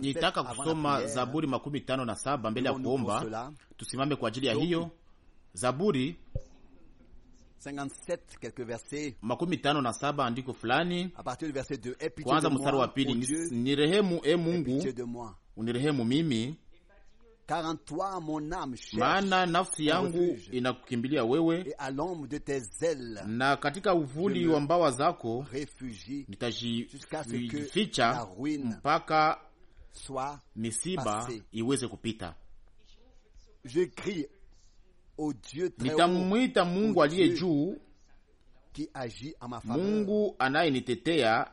nitaka kusoma Zaburi makumi tano na saba mbele ya kuomba. Tusimame kwa ajili ya hiyo Zaburi makumi tano na saba andiko fulani kwanza mstari wa pili: rehemu e Mungu, unirehemu mimi maana nafsi yangu inakukimbilia wewe, na katika uvuli wa mbawa zako nitajificha mpaka misiba iweze kupita. Nitamwita Mungu aliye juu, Mungu anayenitetea,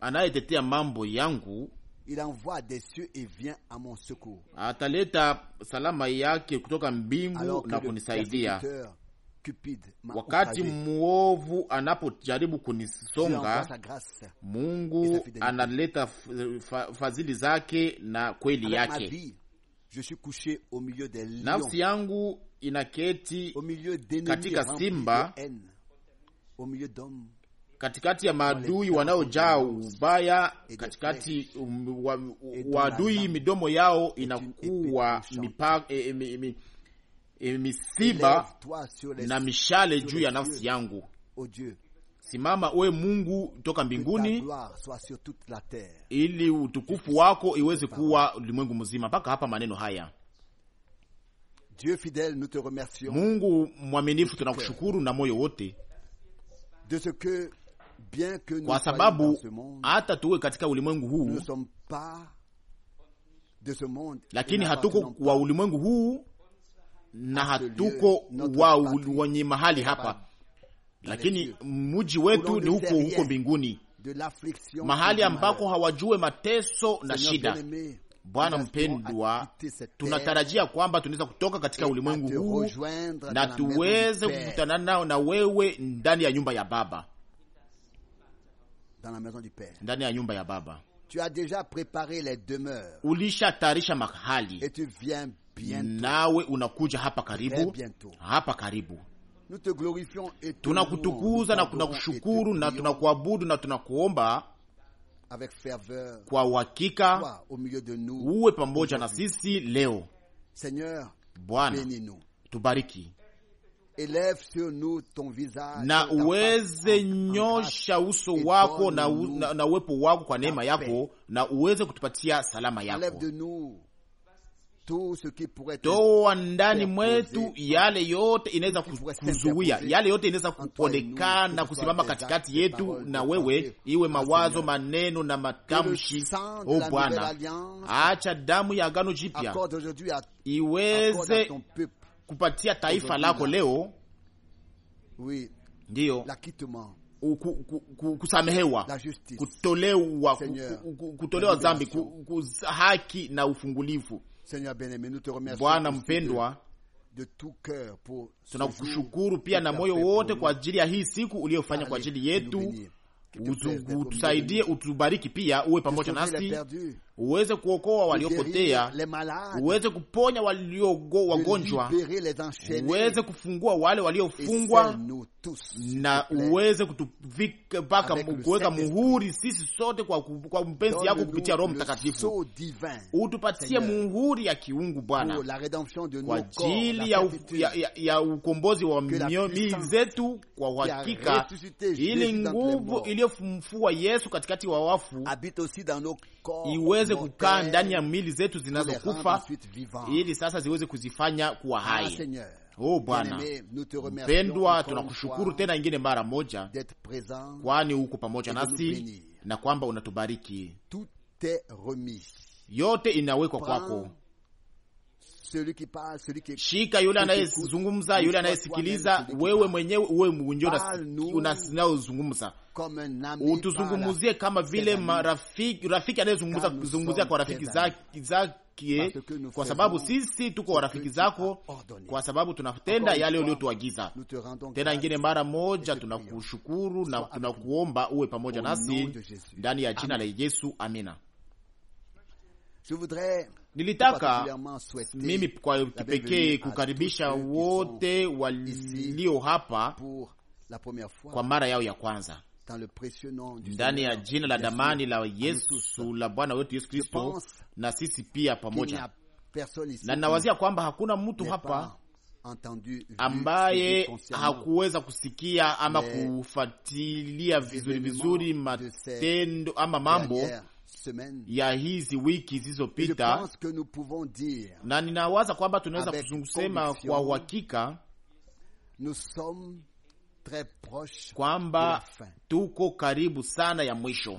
anayetetea mambo yangu il envoie des cieux et vient à mon secours. Ataleta salama yake kutoka mbingu na kunisaidia. Wakati mwovu anapojaribu kunisonga, Mungu analeta fadhili zake na kweli yake. Nafsi yangu inaketi katika simba katikati ya maadui wanaojaa ubaya, katikati um, waadui midomo yao inakuwa mipa, e, e, e misiba na mishale juu ya nafsi yangu. Oh Simama uwe Mungu toka mbinguni, ili utukufu wako iweze kuwa ulimwengu mzima. Mpaka hapa maneno haya. Dieu fidèle, nous te remercions. Mungu mwaminifu, tunakushukuru na moyo wote de ce que kwa sababu hata tuwe katika ulimwengu huu, lakini hatuko wa ulimwengu huu na hatuko wa wenye mahali hapa, lakini mji wetu ni huko huko mbinguni, mahali ambako hawajue mateso na shida. Bwana mpendwa, tunatarajia kwamba tunaweza kutoka katika ulimwengu huu na tuweze nao na wewe ndani ya nyumba ya Baba dans la maison du Père. ndani ya nyumba ya Baba. Tu as déjà préparé les demeures. mahali. Et tu viens bientôt. Nawe unakuja hapa karibu. Bientôt. Hapa karibu. Nous te glorifions et tunakutukuza na tunakushukuru na tunakuabudu na tunakuomba avec ferveur. Kwa uhakika Toi, au milieu de nous, uwe pamoja na sisi leo. Seigneur, tubariki na uweze nyosha uso wako na, na, na uwepo wako kwa neema yako na uweze kutupatia salama yako. Toa ndani mwetu yale yote inaweza kuzuia, yale yote inaweza kuonekana kusimama katikati yetu na wewe, iwe ah, mawazo, maneno na matamshi. O oh, Bwana, acha damu ya agano jipya iweze kupatia taifa lako leo ndiyo kusamehewa, kutolewa, kutolewa dhambi, haki na ufungulivu. Bwana mpendwa, tunakushukuru pia na moyo wote kwa ajili ya hii siku uliyofanya kwa ajili yetu. Utusaidie, utubariki pia, uwe pamoja nasi uweze kuokoa waliopotea, uweze kuponya walio wagonjwa, uweze kufungua wale waliofungwa, na uweze kutuvika kuweka muhuri sisi sote kwa, kwa mpenzi yako kupitia Roho Mtakatifu. Utupatie muhuri ya kiungu Bwana, kwa ajili ya, ya, ya, ya ukombozi wa miili zetu kwa uhakika, ili nguvu iliyofumfua Yesu katikati wa wafu iweze ziweze kukaa ndani ya mili zetu zinazokufa ili sasa ziweze kuzifanya kuwa ah, hai. Oh Bwana mpendwa, tunakushukuru tena ingine mara moja, kwani huko pamoja nasi na kwamba unatubariki. Yote inawekwa kwako Shika yule anayezungumza, yule anayesikiliza, wewe mwenyewe uwe mwenyewe unaozungumza, utuzungumzie kama vile marafiki, rafiki anayezungumzia kwa rafiki zake eh, Kie, kwa sababu sisi tuko warafiki zako, kwa sababu tunatenda yale uliotuagiza. Tena ingine mara moja tunakushukuru na tunakuomba uwe pamoja nasi ndani ya jina la Yesu, amina. Nilitaka mimi kwa kipekee kukaribisha wote walio hapa kwa mara yao ya kwanza ndani ya jina la damani la Yesu la Bwana wetu Yesu Kristo, na sisi pia pamoja, na ninawazia kwamba hakuna mtu hapa ambaye hakuweza kusikia ama kufuatilia vizuri vizuri matendo ama mambo ya hizi wiki zilizopita, na ninawaza kwamba tunaweza kuzungusema kwa uhakika kwamba tuko karibu sana ya mwisho,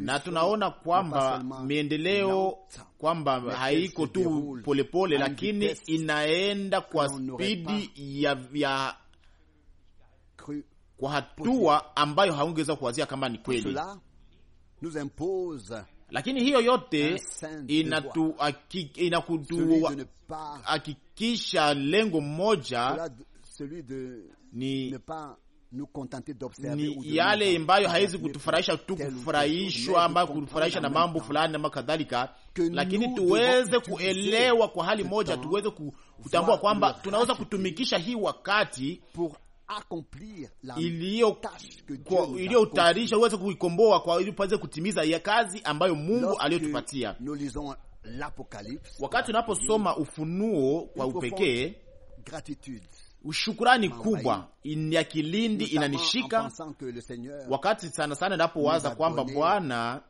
na tunaona kwamba miendeleo kwamba haiko tu polepole, lakini inaenda kwa spidi ya, ya kwa hatua ambayo haungeweza kuwazia kama ni kweli lakini hiyo yote inakutuhakikisha lengo moja ni ni yale ambayo haizi kutufurahisha tu kufurahishwa ambayo kutufurahisha na mambo fulani ama kadhalika, lakini tuweze kuelewa kwa hali moja, tuweze kutambua kwamba tunaweza kutumikisha hii wakati iliyotayarisha uweze kuikomboa kwa ili paweze kutimiza ya kazi ambayo Mungu aliyotupatia. Wakati unaposoma Ufunuo kwa upekee, ushukurani kubwa ya kilindi inanishika wakati sana sana inapowaza kwamba Bwana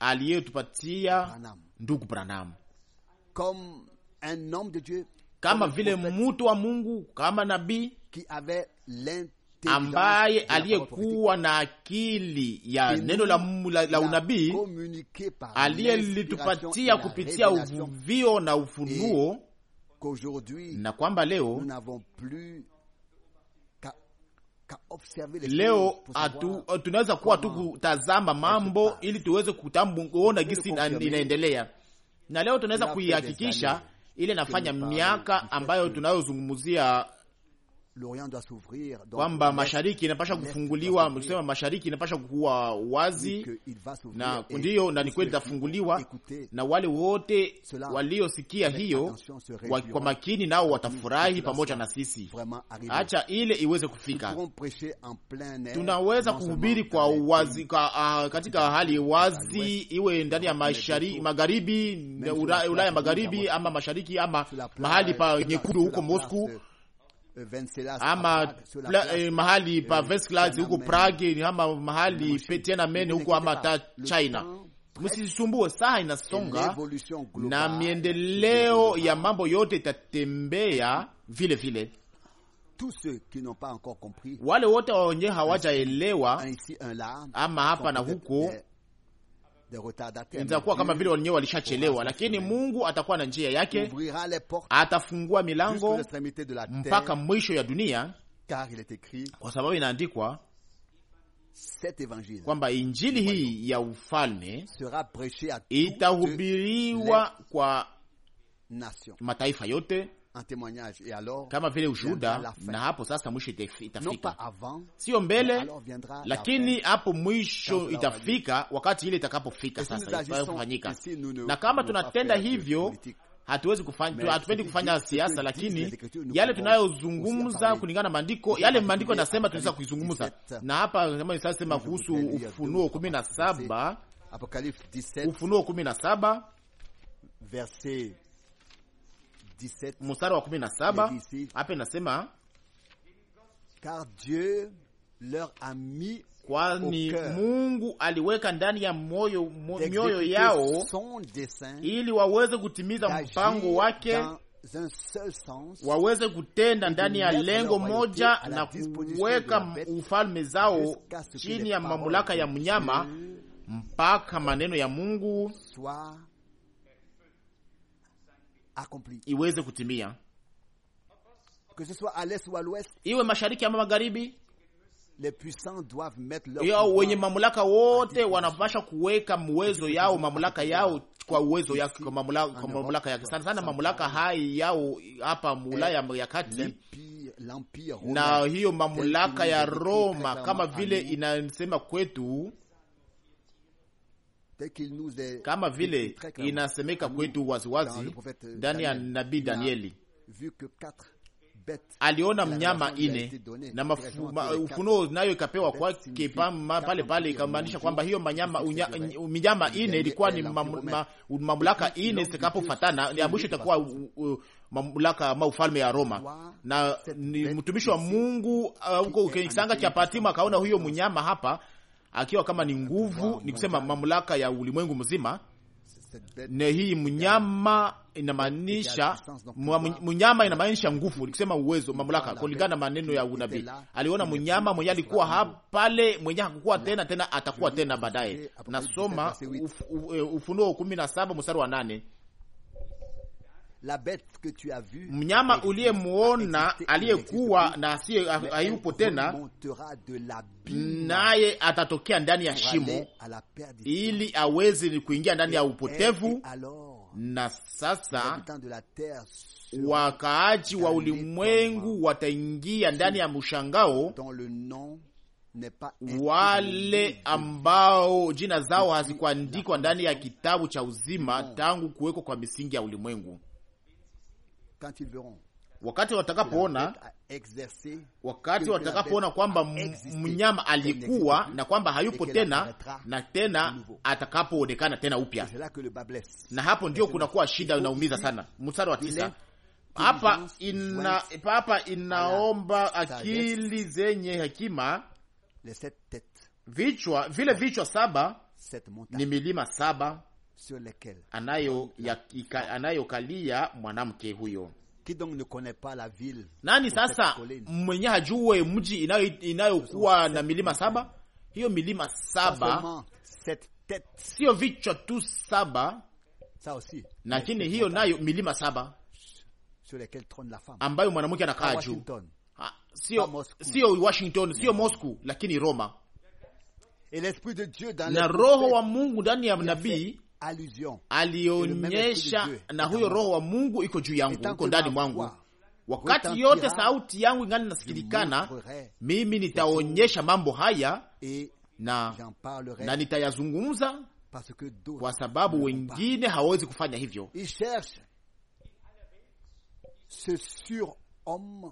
aliyetupatia ndugu Branham kama vile mtu wa Mungu, kama nabii ambaye aliyekuwa na akili ya neno la, la, la unabii aliyelitupatia kupitia uvuvio na ufunuo, na kwamba leo leo tunaweza kuwa tu kutazama mambo ili tuweze kuona gisi inaendelea, na leo tunaweza kuihakikisha ile nafanya miaka ambayo tunayozungumzia kwamba mashariki inapasha kufunguliwa, mlisema mashariki inapasha kuwa wazi, na ndiyo na ni kweli itafunguliwa, na wale wote waliosikia hiyo wa, kwa makini nao watafurahi pamoja na sisi. Acha ile iweze kufika, tunaweza kuhubiri kwa wazi uh, katika hali wazi, iwe ndani ya mashariki magharibi, Ulaya magharibi ama mashariki ama mahali pa nyekundu huko Moscow ama pla, eh, mahali pa Venceslas huko Prague ama mahali Mene huko ama ta China. Msisumbue, saa inasonga na miendeleo ya mambo yote itatembea vile vile. Wale wote wawenye hawajaelewa ama hapa na huko Nitakuwa kama vile wenyewe walishachelewa, lakini Mungu atakuwa na njia yake, atafungua milango mpaka mwisho ya dunia, kwa sababu inaandikwa kwamba injili hii ya ufalme itahubiriwa kwa mataifa yote Et alors, kama vile ushuhuda, na hapo sasa mwisho itafika, sio mbele, lakini hapo mwisho itafika, wakati ile itakapofika sasa Na kama tunatenda hivyo hatuwezi kufanya, hatupendi kufanya siasa, lakini yale tunayozungumza kulingana na maandiko, yale maandiko yanasema tunaweza kuizungumza. Na hapa sasa sema kuhusu Ufunuo kumi na saba Ufunuo kumi na saba mstari wa kumi na saba hapa inasema car Dieu leur a mis kwani Mungu aliweka ndani ya moyo mioyo yao ili waweze kutimiza mpango wake waweze kutenda ndani ya lengo moja na kuweka ufalme zao chini ya mamlaka ya mnyama mpaka maneno ya Mungu iweze kutimia, iwe mashariki ama magharibi. Wenye mamlaka wote wanapasha kuweka mwezo yao mamlaka yao kwa uwezo ya kwa mamlaka, kwa mamlaka yake sana sana mamlaka hai yao hapa Ulaya ya kati na hiyo mamlaka ya Roma kama vile inasema kwetu kama vile inasemeka kwetu waziwazi ndani ya nabii Danieli aliona mnyama ine na ma, ufunuo nayo ikapewa kwake pale pale, ikamaanisha kwamba hiyo minyama ine ilikuwa ni mamlaka ine zitakapofatana, ya mwisho itakuwa mamlaka ma ufalme ya Roma. Na ni mtumishi wa Mungu uh, huko uh, kisanga cha Patima akaona huyo mnyama hapa akiwa kama ni nguvu, ni kusema mamlaka ya ulimwengu mzima. Na hii mnyama inamaanisha mnyama inamaanisha nguvu, nikusema uwezo, mamlaka, kulingana na maneno ya unabii. Aliona mnyama mwenye alikuwa hapa pale, mwenye hakukuwa tena tena, atakuwa tena baadaye. Nasoma Ufunuo kumi na saba mstari wa nane mnyama uliyemwona aliyekuwa na asiye hayupo tena, naye atatokea ndani ya shimo ili aweze ni kuingia ndani ya upotevu. Na sasa wakaaji wa ulimwengu wataingia ndani ya mushangao wale ambao jina zao hazikuandikwa ndani ya kitabu cha uzima tangu kuwekwa kwa misingi ya ulimwengu wakati watakapoona wakati watakapoona kwamba mnyama alikuwa na kwamba hayupo tena na tena atakapoonekana tena upya, na hapo ndio kunakuwa shida inaumiza sana. Mstari wa tisa hapa ina, hapa inaomba akili zenye hekima. Vichwa vile vichwa saba ni milima saba anayokalia anayo mwanamke huyo nani sasa mwenye hajue mji inayokuwa inayo na milima saba? Hiyo milima saba siyo vichwa tu saba, lakini hiyo nayo milima saba ambayo mwanamke anakaa juu, sio Washington, sio Moscow, lakini Roma. Na Roho wa Mungu ndani ya nabii alionyesha, na huyo roho wa Mungu iko juu yangu, iko ndani mwangu wakati yote sauti yangu ingani nasikilikana, mimi nitaonyesha mambo haya na, na nitayazungumza kwa sababu wengine hawawezi kufanya hivyo.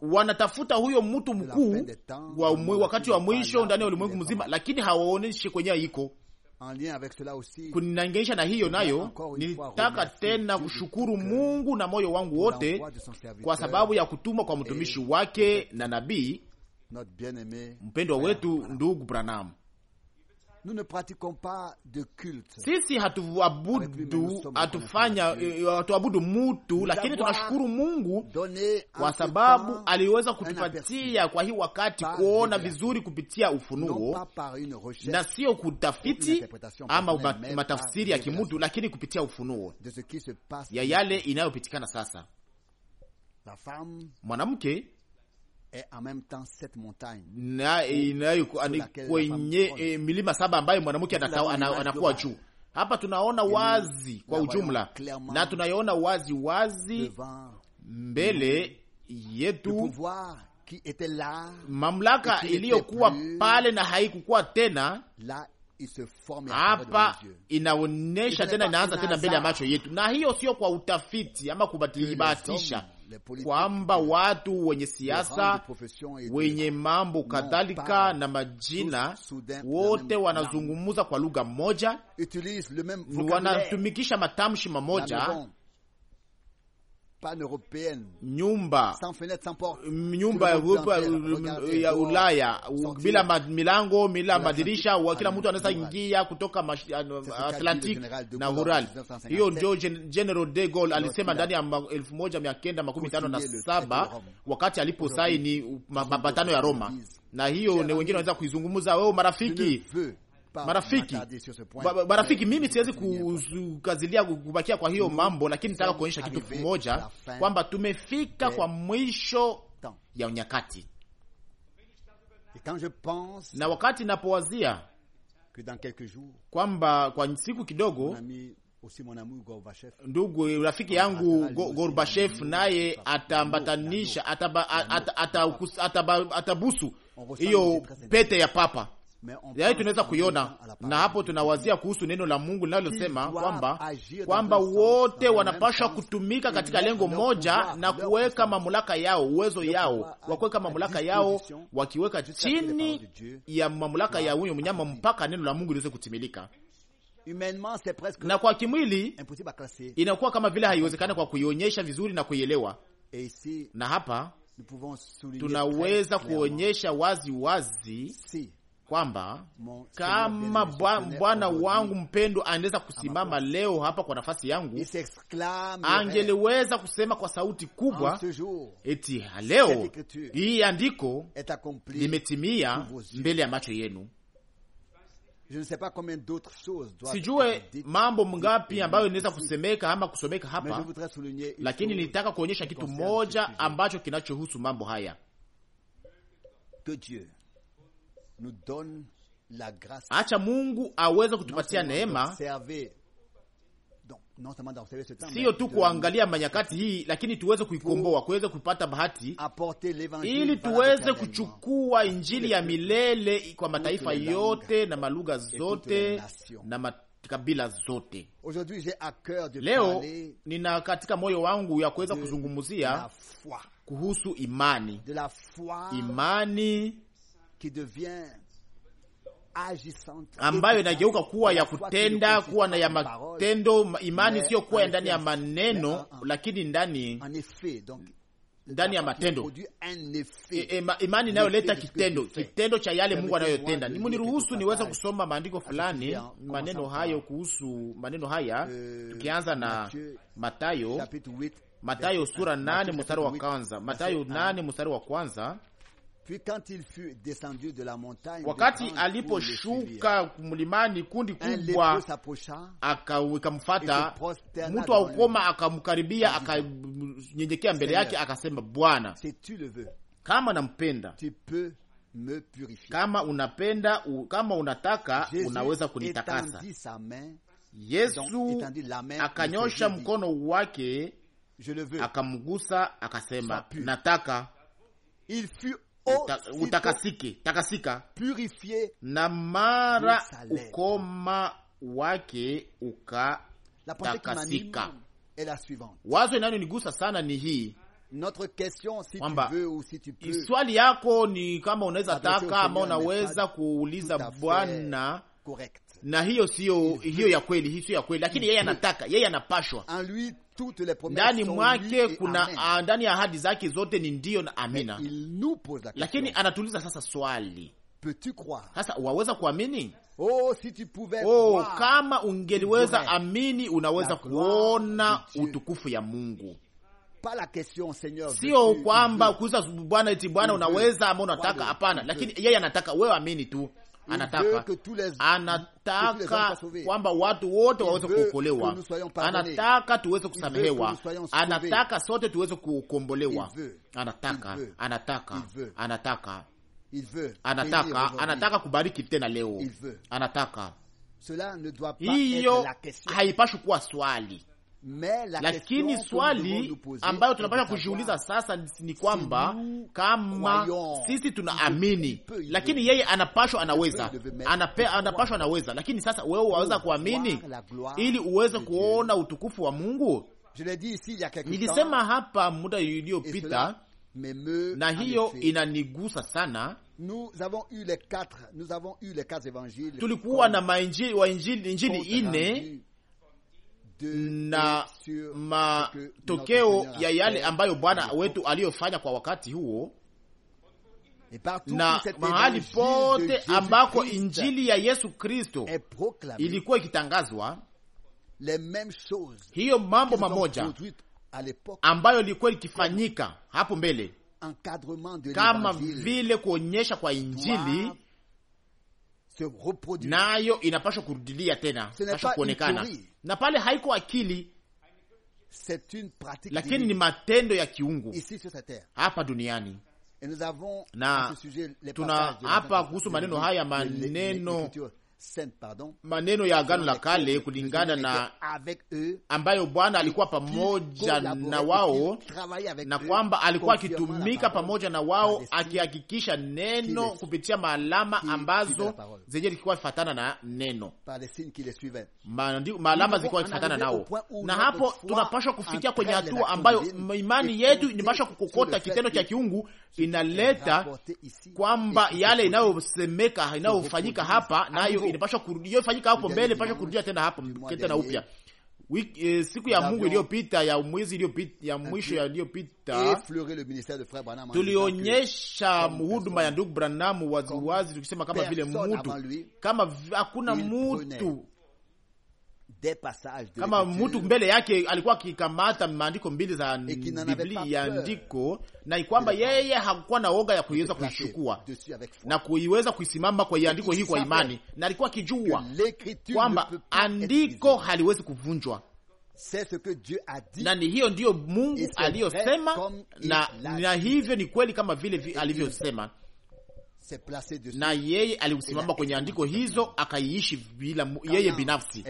Wanatafuta huyo mtu mkuu wa wakati wa mwisho ndani ya ulimwengu mzima, lakini hawaoneshi kwenyewe iko kuninangisha na hiyo eh nayo, nilitaka tena kushukuru Mungu na moyo wangu wote kwa sababu ya kutumwa kwa mtumishi wake na nabii mpendwa wetu ndugu Branamu nous ne pratiquons pas de culte. Sisi hatuabudu hatufanya eh, hatuabudu mutu, lakini tunashukuru Mungu kwa sababu aliweza kutupatia kwa hii wakati kuona vizuri kupitia ufunuo, na sio kutafiti ama matafsiri ya kimutu, lakini kupitia ufunuo ya yale inayopitikana sasa. Mwanamke na inayokuwa eh, kwenye eh, milima saba ambayo mwanamke anakuwa juu. Hapa tunaona wazi kwa ujumla, na tunayoona wazi wazi mbele yetu mamlaka iliyokuwa pale na haikukuwa tena hapa inaonyesha tena, inaanza tena mbele ya macho yetu, na hiyo sio kwa utafiti ama kubatisha, kwamba watu wenye siasa, wenye mambo kadhalika na majina, wote wanazungumza kwa lugha moja, wanatumikisha matamshi mamoja pan-européenne, nyumba sans fenêtre, sans porte, euh, nyumba ya euh, euh, Ulaya bila milango bila madirisha, kila mtu anaweza ingia kutoka uh, Atlantic na Ural. Hiyo ndio General de Gaulle alisema ndani ya 1957 wakati aliposaini mapatano ya Roma, na hiyo wengine wanaweza kuizungumza. Wewe marafiki marafiki marafiki, mimi siwezi kukazilia kubakia kwa hiyo mambo, lakini nataka kuonyesha kitu kimoja kwamba tumefika kwa mwisho ya nyakati, na wakati napowazia kwamba kwa siku kidogo ndugu rafiki yangu Gorbachev naye ataambatanisha atabusu hiyo pete ya papa yaani tunaweza kuiona, na hapo tunawazia kuhusu neno la Mungu linalosema kwamba kwamba wote wanapasha kutumika katika lengo moja na kuweka mamlaka yao, uwezo yao wa kuweka mamlaka yao, wakiweka chini ya mamlaka ya huyo mnyama mpaka neno la Mungu liweze kutimilika na kwa kimwili inakuwa kama vile haiwezekani kwa kuionyesha vizuri na kuielewa. Na hapa tunaweza kuonyesha wazi wazi kwamba kama bwana wangu mpendwa anaweza kusimama leo hapa kwa nafasi yangu, angeliweza kusema kwa sauti kubwa eti leo hii andiko limetimia mbele ya macho yenu. Sijue mambo mngapi ambayo inaweza kusemeka ama kusomeka hapa, lakini nilitaka kuonyesha kitu moja ambacho kinachohusu mambo haya Acha Mungu aweze kutupatia neema, siyo tu kuangalia manyakati hii, lakini tuweze kuikomboa, kuweze kupata bahati, ili tuweze kuchukua injili ya milele kwa mataifa yote na malugha zote na makabila zote. Leo nina katika moyo wangu ya kuweza kuzungumzia kuhusu imani, imani ambayo inageuka kuwa ya kutenda, kuwa na ya matendo. Imani siyo kuwa ndani ya maneno, lakini ndani ndani ya matendo e, e, imani inayoleta kitendo kitendo cha yale Mungu anayotenda. Nimuniruhusu niweze kusoma maandiko fulani maneno hayo kuhusu maneno haya, euh, tukianza na Matayo Matayo sura nane mstari wa kwanza Matayo nane mstari wa kwanza Wakati aliposhuka mlimani, kundi kubwa akamfata. Mtu wa ukoma akamkaribia, akanyenyekea mbele yake, akasema, Bwana, kama nampenda kama unapenda u, kama unataka Jesus unaweza kunitakasa. Yesu akanyosha mkono wake akamgusa, akasema nataka. Il fut utakasike takasika na mara ukoma wake ukatakasika. Wazo nigusa sana ni hii question si si swali yako ni kama unaweza taka ama unaweza kuuliza Bwana na hiyo sio hiyo ya kweli, hiyo sio ya kweli, lakini yeye anataka, yeye anapashwa ndani mwake kuna ah, ndani ya ahadi zake zote ni ndiyo na amina. Lakini anatuliza sasa swali sasa, waweza kuamini? Oh, si tu pouvais oh, kama ungeliweza amini, unaweza kuona utukufu ya Mungu. Sio kwamba kuuliza Bwana eti Bwana unaweza ama unataka, hapana, lakini yeye anataka wewe amini tu anataka anataka kwamba watu wote waweze kuokolewa, anataka tuweze kusamehewa, anataka sote tuweze kukombolewa, anataka anataka anataka anataka anataka kubariki tena leo, anataka hiyo haipashi kuwa swali lakini swali ambayo tunapasha kujiuliza sasa ni kwamba kama sisi tunaamini, lakini yeye anapashwa, anaweza anape, anapashwa, anaweza. Lakini sasa wewe waweza kuamini ili uweze kuona utukufu wa Mungu. Nilisema hapa muda iliyopita, na hiyo inanigusa sana. Tulikuwa na mainjili wa injili nne na matokeo ya yale ambayo Bwana wetu aliyofanya kwa wakati huo na mahali pote ambako injili ya Yesu Kristo ilikuwa ikitangazwa, hiyo mambo mamoja ambayo ilikuwa ikifanyika hapo mbele, kama vile kuonyesha kwa injili nayo inapashwa kurudilia tena, kuonekana na pale haiko akili, lakini ni matendo ya kiungu hapa duniani. Na tuna hapa kuhusu maneno haya maneno maneno ya agano la kale kulingana na ambayo Bwana alikuwa pamoja na wao, na kwamba alikuwa akitumika pamoja na wao, akihakikisha neno kupitia maalama ambazo zenye zilikuwa fatana na neno, maalama zilikuwa fatana nao. Na hapo tunapashwa kufikia kwenye hatua ambayo imani yetu inapashwa kukokota. Kitendo cha kiungu inaleta kwamba yale inayosemeka inayofanyika hapa nayo inapaswa hiyo fanyika hapo mbele, pasha kurudia tena hapo tena upya. Wiki, eh, siku ya Mungu iliyopita ya mwezi iliyopita ya mwisho yaliyopita tulionyesha huduma ya ndugu Branham waziwazi tukisema kama vile mtu kama hakuna mtu kama mtu mbele yake alikuwa akikamata maandiko mbili za Biblia ya andiko, na kwamba yeye hakukuwa na oga ya kuiweza kuishukua na kuiweza kuisimama kwa andiko hii kwa imani, na alikuwa akijua kwamba andiko haliwezi kuvunjwa na ni hiyo ndiyo Mungu aliyosema, na, na hivyo ni kweli kama vile alivyosema na yeye alisimama kwenye andiko hizo akaiishi bila yeye binafsi.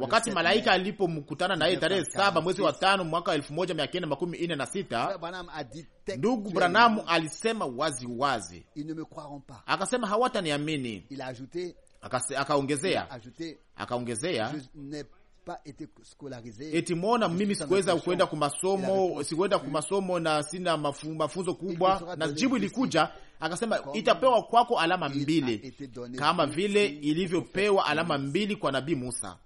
Wakati malaika alipomkutana na yeye tarehe saba mwezi wa tano mwaka elfu moja mia kenda makumi ine na sita ndugu Branamu alisema wazi wazi, akasema hawataniamini. Akaongezea akaongezea eti mwona mimi sikuweza kwenda kumasomo, sikuenda kumasomo na sina mafu, mafunzo kubwa. Na jibu ilikuja akasema, itapewa kwako alama mbili kama vile ilivyopewa alama mbili kwa nabii Musa.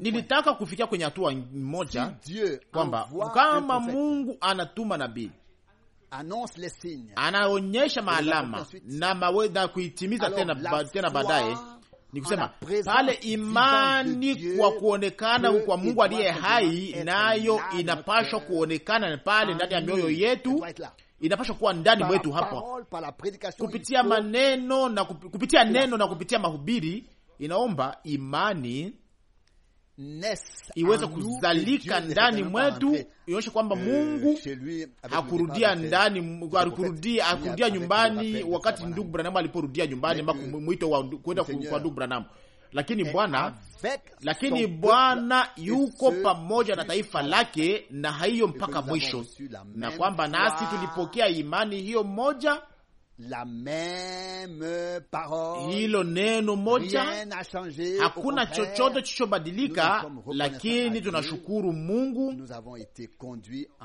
Nilitaka kufikia kwenye hatua moja kwamba kama Mungu anatuma nabii anaonyesha maalama na, na kuitimiza tena baadaye ni kusema pale imani kwa kuonekana kwa Mungu aliye hai, nayo inapashwa kuonekana pale ndani ya mioyo yetu, inapashwa kuwa ndani mwetu hapa kupitia maneno na kupitia neno na kupitia mahubiri. Inaomba imani iweze kuzalika ndani mwetu, ionyeshe kwamba eh, Mungu akurudia ndani, akurudia nyumbani, wakati ndugu Branamu aliporudia nyumbani, eh, ama mwito wa kwenda kwa ndugu Branamu lakini eh, Bwana lakini Bwana yuko pamoja na taifa lake na hiyo mpaka mwisho, na kwamba nasi tulipokea imani hiyo moja la même parole, hilo neno moja, hakuna chochote chichobadilika, lakini tunashukuru Mungu,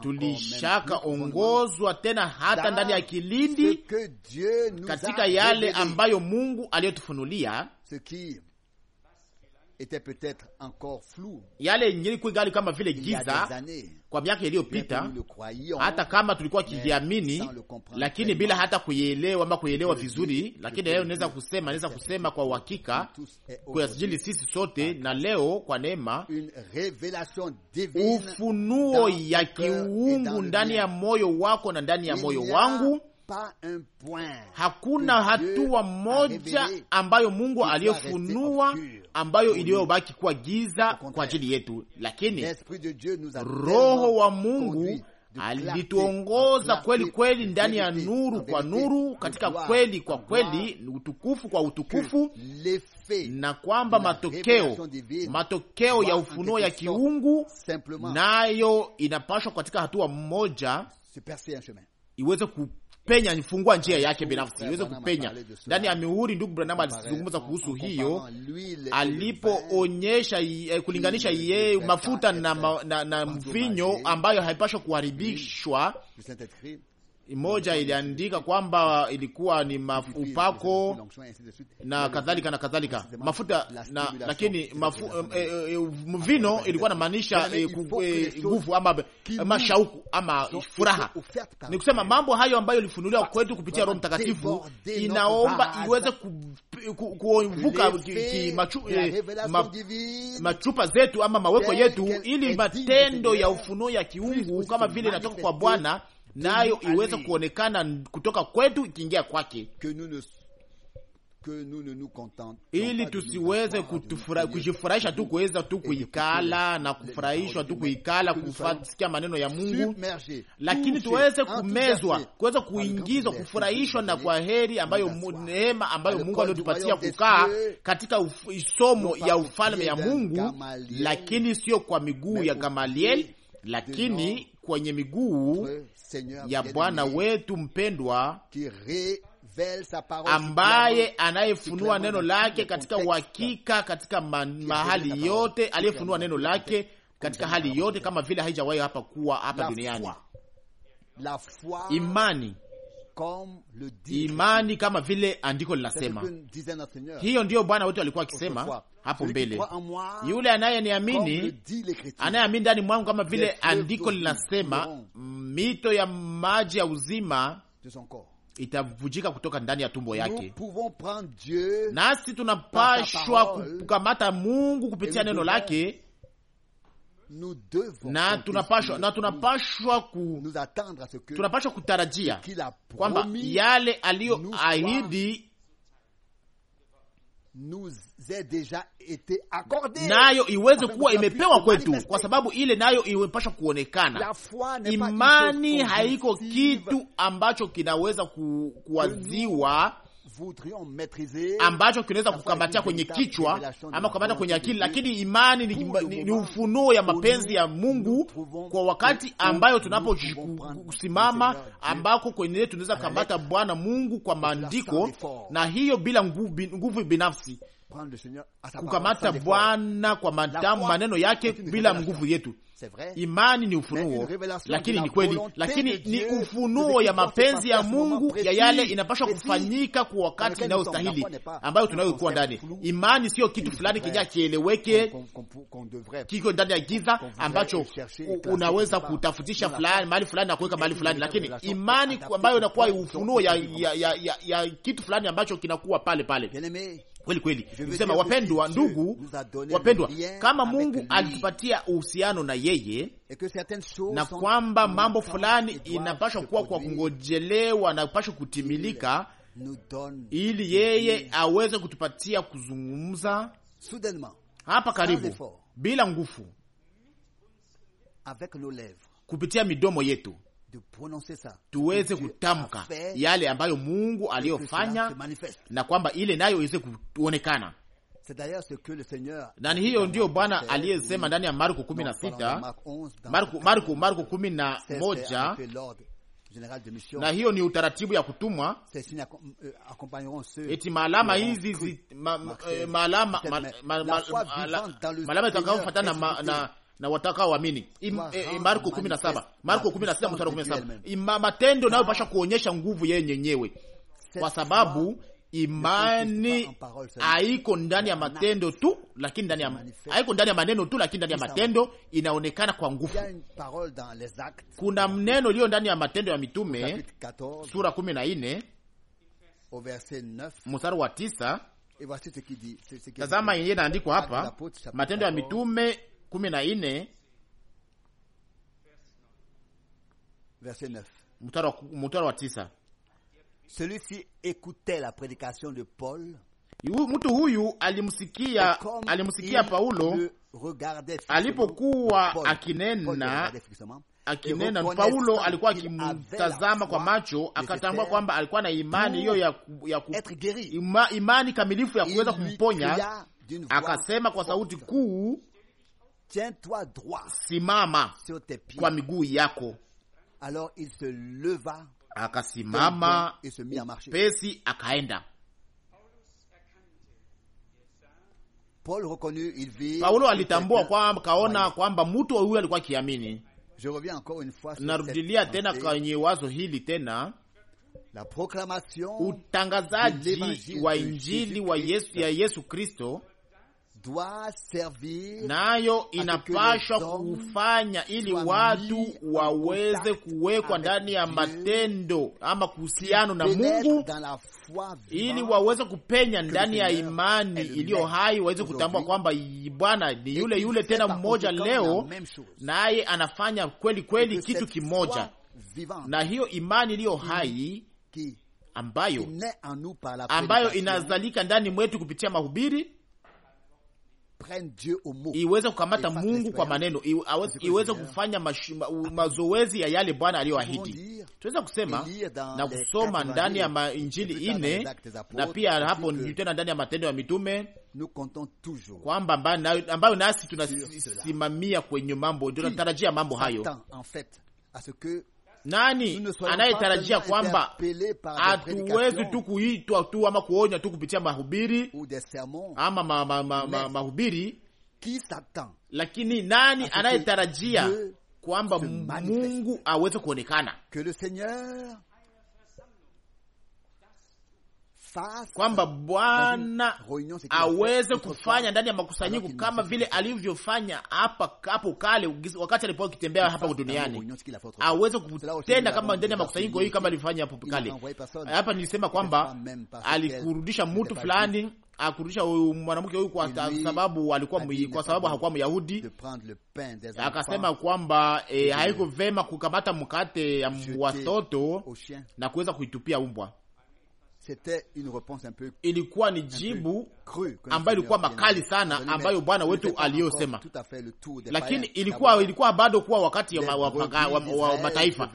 tulishaka ongozwa tena hata ndani ya kilindi katika yale ambayo Mungu aliyotufunulia était peut-être encore flou, yale yenye kugali kama vile giza kwa miaka iliyopita, hata kama tulikuwa tukiamini, lakini bila hata kuielewa ama kuielewa vizuri. Lakini leo naweza kusema, naweza kusema kwa uhakika kuyasijili sisi sote, na leo kwa neema, ufunuo ya kiungu ndani ya moyo wako na ndani ya moyo wangu Hakuna hatua moja ambayo Mungu aliyofunua ambayo iliyobaki kuwa giza kwa ajili yetu, lakini Roho wa Mungu alituongoza kweli kweli ndani ya nuru kwa nuru, katika kweli kwa kweli, utukufu kwa utukufu, na kwamba matokeo matokeo ya ufunuo ya kiungu nayo inapashwa katika hatua moja iweze penya fungua njia yake binafsi iweze kupenya ndani ya mihuri. Ndugu Branham alizungumza kuhusu hiyo alipoonyesha eh, kulinganisha ye mafuta na, na, na mvinyo ambayo haipashwa kuharibishwa moja iliandika kwamba ilikuwa ni upako na kadhalika na kadhalika mafuta na, lakini mafu, eh, eh, vino ilikuwa namaanisha nguvu eh, ama mashauku ama furaha. Ni kusema mambo hayo ambayo ilifunuliwa kwetu kupitia Roho Mtakatifu inaomba iweze kuvuka ku, ku, machu, eh, ma, machupa zetu ama maweko yetu, ili matendo ya ufunuo ya kiungu kama vile inatoka kwa Bwana nayo iweze kuonekana kutoka kwetu ikiingia kwake, ili tusiweze kujifurahisha tu kuweza tu kuikala na kufurahishwa tu kuikala kusikia maneno ya Mungu, lakini tuweze kumezwa, kuweza kuingizwa, kufurahishwa na kwa heri ambayo neema ambayo Mungu aliotupatia kukaa katika somo ya ufalme ya Mungu, lakini sio kwa miguu ya Gamaliel, lakini kwenye miguu ya Bwana wetu mpendwa ambaye anayefunua neno lake katika uhakika, katika mahali yote, aliyefunua neno lake katika hali yote, kama vile haijawahi hapa kuwa hapa duniani. Imani imani kama vile andiko linasema. Hiyo ndiyo Bwana wetu alikuwa akisema hapo mbele, yule anayeniamini, anayeamini ndani mwangu, kama vile andiko linasema, mito ya maji ya uzima itavujika kutoka ndani ya tumbo yake. Nasi tunapashwa kukamata Mungu kupitia neno lake na tunapashwa na tunapashwa ku tunapashwa kutarajia kwamba yale ahidi nayo iweze kuwa imepewa kwetu, kwa sababu ile nayo imepasha kuonekana. Imani haiko kitu ambacho kinaweza ku, kuwaziwa ambacho kinaweza kukambatia kwenye kichwa ama kukambatia kwenye akili, lakini imani ni, ni, ni ufunuo ya mapenzi ya Mungu kwa wakati ambayo tunaposimama ambako kwenye tunaweza kukambata Bwana Mungu kwa maandiko, na hiyo bila nguvu binafsi kukamata Bwana kwa madamu maneno yake bila nguvu yetu. Imani ni ufunuo, lakini ni kweli, lakini ni ufunuo ya mapenzi ya Mungu ya yale inapaswa kufanyika kwa wakati inayostahili ambayo tunayokuwa ndani. Imani siyo kitu fulani kenye akieleweke kiko ndani ya giza ambacho unaweza kutafutisha fulani mahali fulani na kuweka mahali fulani, lakini imani ambayo inakuwa ufunuo ya, ya, ya, ya, ya kitu fulani ambacho kinakuwa pale pale kweli kweli. Nisema wapendwa ndugu, wapendwa, kama Mungu alitupatia uhusiano na yeye na kwamba mambo fulani inapashwa kuwa kwa kungojelewa na kupashwa kutimilika, ili yeye aweze kutupatia kuzungumza hapa karibu bila nguvu kupitia midomo yetu tuweze kutamka yale ambayo Mungu aliyofanya na kwamba ile nayo iweze kuonekana na ni hiyo ndiyo Bwana aliyesema ndani ya Marko kumi na sita Marko Marko kumi na moja na hiyo ni utaratibu ya kutumwa euh, eti maalama hizi maalama maalama na na watakaoamini waamini. Eh, Marko 17 Marko 16 mstari 17. Matendo nayo pasha kuonyesha nguvu yeye nyenyewe, kwa sababu imani haiko ndani ya matendo tu, lakini ndani ya haiko ndani ya maneno tu, lakini ndani ya matendo inaonekana kwa nguvu. Kuna mneno iliyo ndani ya matendo ya mitume sura 14 mstari wa 9. Tazama yenyewe inaandikwa hapa, matendo ya mitume kumi na nne wa tisa Celui-ci écoutait la prédication de Paul. Mtu huyu alimsikia alimsikia Paulo alipokuwa akinena akinena. Paulo alikuwa akimtazama kwa macho, akatambua kwamba alikuwa na imani hiyo ya, ya ku, ima, imani kamilifu ya kuweza kumponya. Akasema kwa sauti kuu Tiens-toi droit. Simama sur tes pieds. Kwa miguu yako. Alors il se leva. Akasimama et se mit à marcher. Pesi akaenda. Paul reconnut, il vit. Paulo alitambua kwamba kaona kwamba mtu huyu alikuwa kiamini. Je reviens encore une fois. Narudilia tena kwenye wazo hili tena. La proclamation utangazaji wa injili wa Yesu, ya Yesu Kristo nayo inapashwa kufanya ili watu waweze kuwekwa ndani ya matendo ama kuhusiano na Mungu, ili waweze kupenya ndani ya imani iliyo hai, waweze kutambua kwamba Bwana ni yule yule tena mmoja leo, naye anafanya kweli kweli kitu kimoja, na hiyo imani iliyo hai ambayo ambayo inazalika ndani mwetu kupitia mahubiri iweze kukamata Mungu kwa maneno, iweze kufanya mazoezi ya yale Bwana aliyoahidi. Tunaweza kusema na kusoma ndani ya mainjili ine na pia hapo tena ndani ya matendo ya mitume kwamba ambayo nasi tunasimamia kwenye mambo, tunatarajia mambo hayo nani anayetarajia kwamba hatuwezi tu kuitwa tu ama kuonya tu kupitia mahubiri ama ma, ma, ma, ma, mahubiri, lakini nani anayetarajia kwamba Mungu aweze kuonekana kwamba Bwana aweze kufanya ndani ya makusanyiko kama vile alivyofanya hapa hapo kale, wakati alipokuwa akitembea hapa duniani, aweze kutenda kama ndani ya makusanyiko hii kama alivyofanya hapo kale. Hapa nilisema kwamba alikurudisha mtu fulani akurudisha mwanamke huyu kwa sababu alikuwa kwa sababu hakuwa Myahudi. Akasema kwamba eh, haiko vema kukamata mkate ya watoto na kuweza kuitupia umbwa ilikuwa ni jibu ambayo ilikuwa makali sana, ambayo Bwana wetu aliyosema, lakini ilikuwa ilikuwa bado kuwa wakati wa, wa, wa, wa mataifa,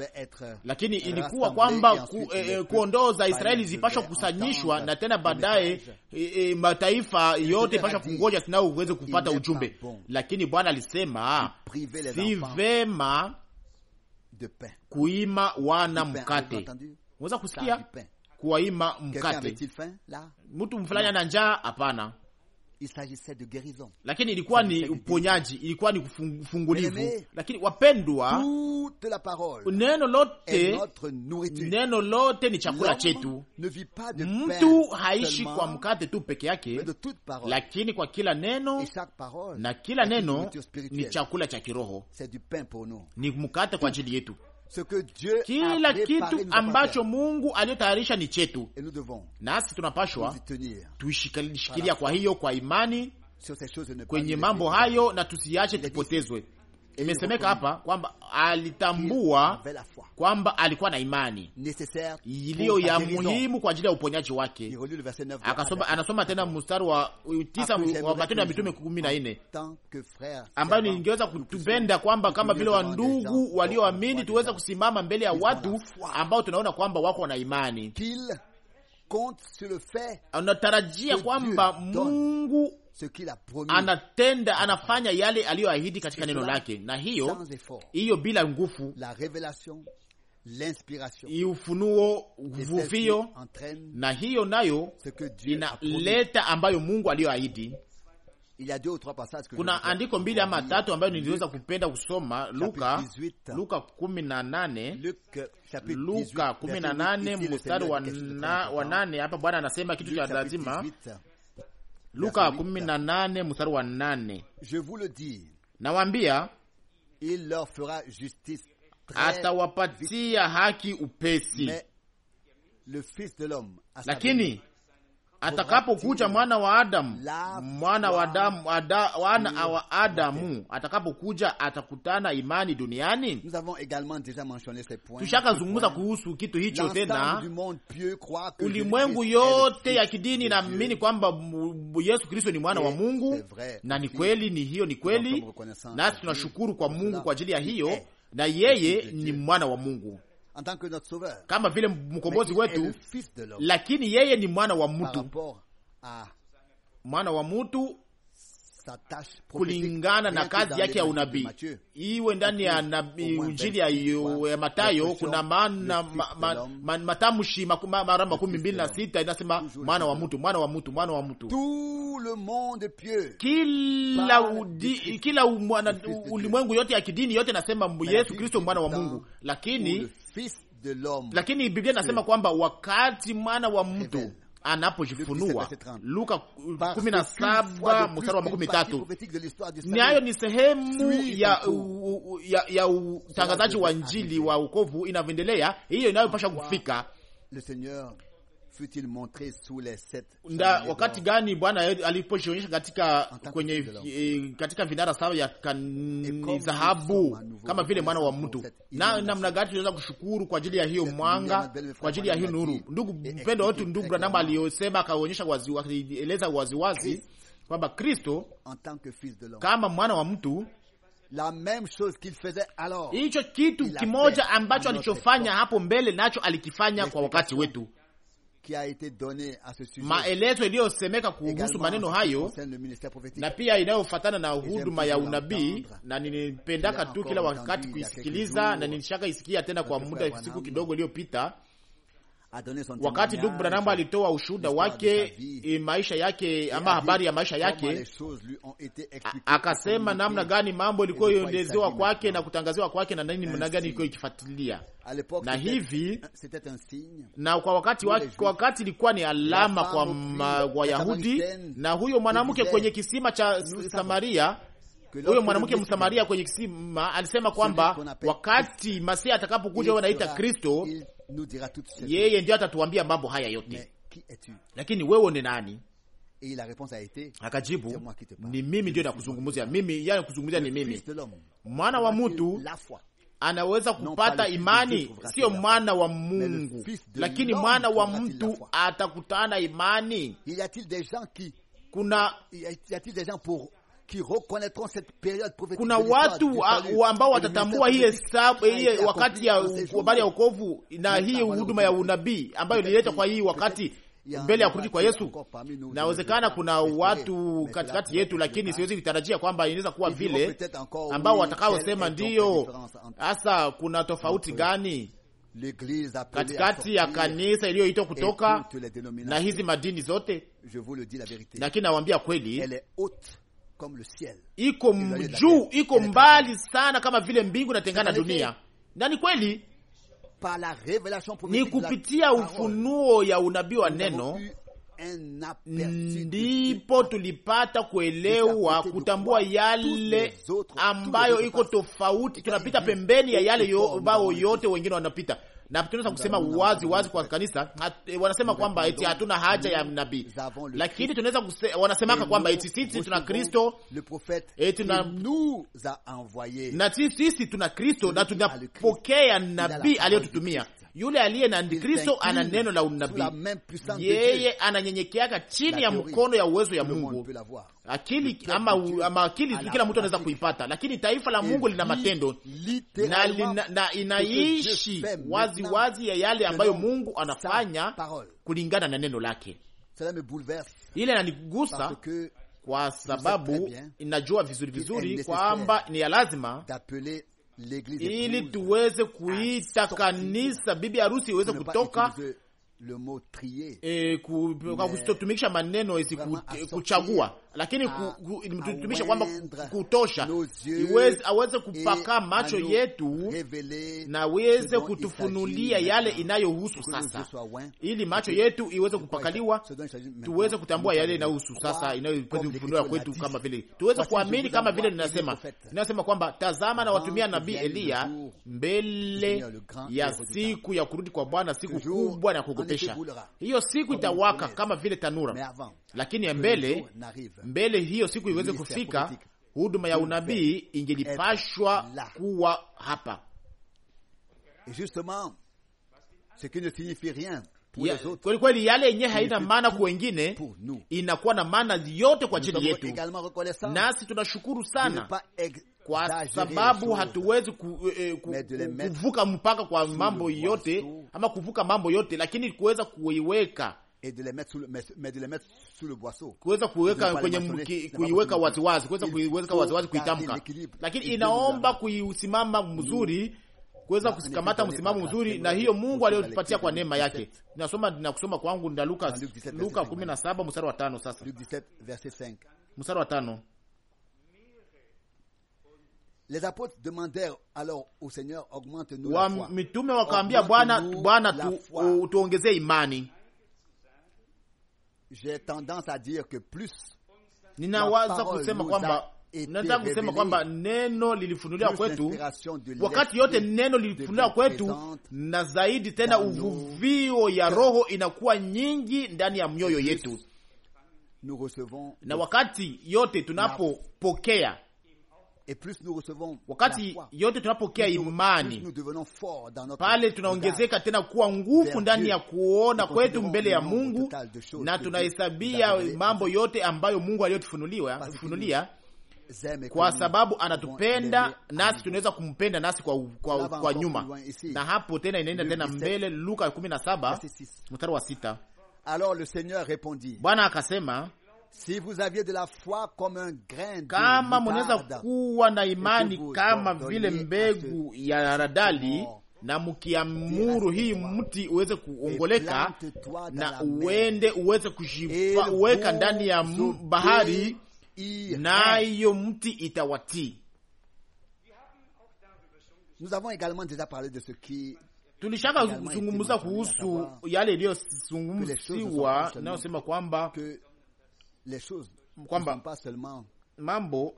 lakini ilikuwa kwamba ku, eh, kuondoo za Israeli zipashwa kukusanyishwa na tena baadaye eh, eh, mataifa yote ipasha kungoja sinao uweze kupata ujumbe, lakini Bwana alisema si vema kuima wana mkate. Unaweza kusikia kuwaima mkate. Mtu mfulani ana njaa? Hapana, lakini ilikuwa ni uponyaji, ilikuwa ni ufungulivu. Lakini wapendwa, neno lote, neno lote ni chakula chetu. Mtu haishi kwa mkate tu peke yake, lakini kwa kila neno, na kila neno ni chakula cha kiroho, ni mkate kwa ajili yetu. Kila kitu ambacho Mungu aliyotayarisha ni chetu, nasi tunapashwa tuishikilia. Kwa hiyo, kwa imani kwenye mambo hayo, na tusiache tupotezwe Imesemeka hapa kwamba alitambua kwamba alikuwa na imani iliyo ya muhimu kwa ajili ya uponyaji wake. Akasoma, anasoma tena mstari wa tisa wa Matendo ya Mitume kumi na nne ambayo ningeweza kutupenda kwamba kama vile wandugu walioamini tuweze kusimama mbele ya watu ambao tunaona kwamba wako na imani. Anatarajia kwamba Mungu anatenda, anafanya yale aliyoahidi katika neno lake, na hiyo hiyo bila nguvu ufunuo vuvio, na hiyo nayo inaleta ambayo Mungu aliyoahidi. Kuna andiko mbili ama tatu ambayo niliweza kupenda kusoma Luka, Luka kumi na nane, Luka kumi na nane mstari wa nane. Hapa Bwana anasema kitu cha lazima Luka kumi nane mstari wa nane. Je vous le dis, nawambia il leur fera justice, atawapatia haki upesi. Mais, le fils de l'homme, lakini atakapokuja mwana wa Adamu, mwana wa Adamu, ada, wana mm. wa Adamu atakapokuja, atakutana imani duniani. Tushakazungumza kuhusu kitu hicho tena. Ulimwengu yote ya kidini naamini kwamba Yesu Kristo ni mwana wa Mungu, na ni kweli, ni hiyo ni kweli, nasi tunashukuru kwa Mungu kwa ajili ya hiyo, na yeye ni mwana wa Mungu kama vile mkombozi wetu, lakini yeye ni mwana wa mtu, mwana wa mtu kulingana na kazi yake ya unabii. Iwe ndani ya injili ya Matayo kuna maana matamshi mara makumi mbili na sita inasema mwana wa mtu, mwana wa mtu, mwana wa mtu. Kila ulimwengu yote ya kidini yote inasema Yesu Kristo mwana wa Mungu, lakini lakini Biblia inasema kwamba wakati mwana wa mtu anapojifunua Luka 17 mstari wa makumi tatu. Nayo ni sehemu ya ya, utangazaji wa njili wa ukovu inavyoendelea, hiyo inayopasha kufika fut-il montré sous les sept nda wakati gani Bwana alipojionyesha katika kwenye eh, katika vinara saba ya dhahabu kama vile mwana wa mtu, na namna gani tunaweza kushukuru kwa ajili ya hiyo mwanga, kwa ajili ya hiyo nuru. Ndugu mpendo wetu, ndugu Branham aliyosema, akaonyesha wazi, akaeleza waziwazi kwamba Kristo kama mwana wa mtu la même chose qu'il faisait alors, hicho kitu kimoja ambacho alichofanya hapo mbele nacho alikifanya kwa wakati wetu maelezo iliyosemeka kuhusu maneno hayo na pia inayofatana na eh huduma ya unabii, na ninipendaka tu kila wakati kuisikiliza, na nilishaka isikia tena kwa muda siku kidogo iliyopita Wakati ndugu Branham alitoa ushuhuda wake eh, maisha yake ama habari ya maisha yake, akasema namna gani mambo ilikuwa iondezewa kwake na kutangaziwa kwake na nini namna gani ilikuwa ikifuatilia na hivi na kwa wakati wa, kwa wakati ilikuwa ni alama kwa Wayahudi na huyo mwanamke kwenye kisima cha Samaria huyo mwanamke Msamaria kwenye kisima alisema kwamba wakati Masihi atakapokuja, wanaita Kristo, yeye ndio atatuambia mambo haya yote. Lakini wewe ni nani? Akajibu, ni mimi ndio nakuzungumzia mimi, yani kuzungumzia ni mimi. Mwana wa mtu anaweza kupata imani, sio mwana wa Mungu, lakini mwana wa mtu atakutana imani. Kuna kuna watu ambao watatambua hii hesabu hii wakati ya habari ya wokovu na hii huduma ya unabii ambayo ililetwa kwa hii wakati mbele ya kurudi kwa Yesu. Nawezekana kuna watu katikati yetu, lakini siwezi kutarajia kwamba inaweza kuwa vile ambao watakaosema ndiyo. Hasa kuna tofauti gani katikati ya kanisa iliyoitwa kutoka na hizi madini zote? Lakini nawambia kweli iko juu, iko mbali sana kama vile mbingu inatengana na dunia, na ni kweli ni kupitia ufunuo ya unabii wa neno ndipo tulipata kuelewa kutambua yale ambayo iko tofauti, tunapita pembeni ya yale ambayo yote wengine wanapita na tunaweza kusema wazi wazi kwa kanisa hat, eh, wanasema kwamba eti hatuna haja ya nabii, lakini tunaweza wanasemaka kwamba eti eh, sisi tuna Kristo eti na sisi tuna Kristo na tunapokea nabii aliyotutumia yule aliye na Kristo ana neno la unabii, yeye ananyenyekeaka chini ya mkono ya uwezo ya Mungu. Akili ama, ama akili kila mtu anaweza kuipata, lakini taifa la Mungu lina matendo na, lina, na inaishi wazi wazi ya yale ambayo Mungu anafanya kulingana na neno lake. Ile ananigusa kwa sababu inajua vizuri vizuri kwamba ni ya lazima ili tuweze ah, kuita kanisa bibi harusi iweze kutoka le mot trier, e, ku, kwa kutumikisha maneno isi kuchagua, lakini kutumikisha kwamba kutosha, aweze kupaka macho yetu na weze kutufunulia yale inayohusu sasa, ili macho yetu iweze kupakaliwa, tuweze kutambua yale inayohusu sasa, inayofunuliwa kwetu, kama vile tuweze kuamini, kama vile ninasema ninasema kwamba tazama, na watumia nabii Eliya mbele ya siku ya kurudi kwa Bwana, siku kubwa na kuogopesha kuogopesha. Hiyo siku itawaka kama vile tanura, lakini ya mbele mbele, hiyo siku iweze kufika, huduma ya unabii ingelipashwa kuwa hapa kweli kweli, yale yenye haina maana kwa wengine inakuwa na maana yote kwa ajili yetu, nasi tunashukuru sana kwa sababu hatuwezi ku, eh, eh ku, eh, kuvuka mpaka kwa mambo yote ama kuvuka mambo yote, lakini kuweza kuiweka kuweza kuiweka kwenye kuiweka waziwazi, kuweza kuiweka waziwazi, kuitamka, lakini inaomba kuisimama mzuri kuweza kusikamata msimamo mzuri, na hiyo Mungu aliyotupatia kwa neema yake. Ninasoma na kusoma kwangu na Luka, Luka 17 mstari wa 5 sasa, mstari wa 5 wa mitume wakaambia Bwana, Bwana tuongezee imani. Ninawaza kusema kwamba nataka kusema kwamba neno lilifunuliwa kwetu wakati yote, neno lilifunuliwa kwetu, na zaidi tena uvuvio ya roho inakuwa nyingi ndani ya mioyo yetu, na wakati yote tunapopokea Wakati yote tunapokea imani, pale tunaongezeka tena kuwa nguvu ndani ya kuona kwetu mbele ya Mungu, na tunahesabia mambo yote ambayo Mungu aliyotufunulia kwa sababu anatupenda nasi tunaweza kumpenda nasi kwa, kwa, kwa nyuma. Na hapo tena inaenda tena mbele. Luka 17 mstari wa sita, Bwana akasema si vous aviez de la foi comme un grain, kama mnaweza kuwa na imani kama vile mbegu ya radali na mkiamuru hii mti uweze kuongoleka na uende uweze weka ndani ya bahari, nayo mti itawatii. Tulishaka zungumza kuhusu yale iliyozungumziwa nayosema kwamba les choses kwamba mambo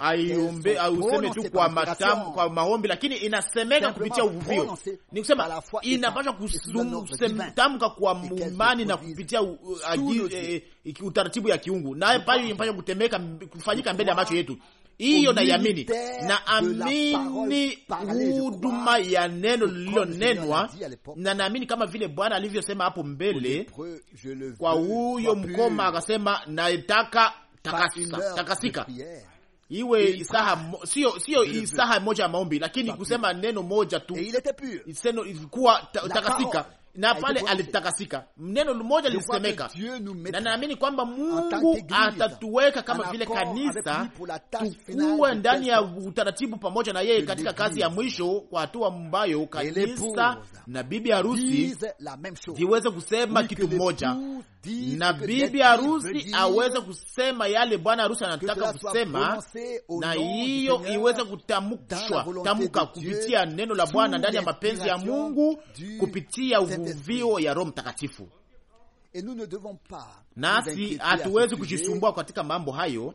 haiuseme tu kwa matam, kwa maombi, lakini inasemeka kupitia uvuvio. Ni kusema inapaswa kutamka kwa imani na kupitia e- e- e- utaratibu ya kiungu, naye pale inapaswa kutemeka kufanyika mbele ya macho yetu hiyo naiamini, na amini huduma ya neno lililonenwa, na naamini kama vile Bwana alivyosema hapo mbele kwa huyo mkoma, akasema nataka takasika iwe isaha sio sio isaha moja ya maombi, lakini kusema neno moja tu ilikuwa takasika na pale alitakasika. Neno mmoja lilisemeka, na naamini kwamba Mungu atatuweka kama vile kanisa, tukuwe ndani ya utaratibu pamoja na yeye katika kazi ya mwisho, kwa hatua ambayo kanisa na bibi harusi ziweze kusema kitu mmoja na bibi harusi aweze kusema yale bwana harusi anataka kusema, na hiyo iweze kutamkwa tamka kupitia neno la Bwana ndani ya mapenzi ya Mungu kupitia uvio ya Roho Mtakatifu, nasi hatuwezi kujisumbua katika mambo hayo.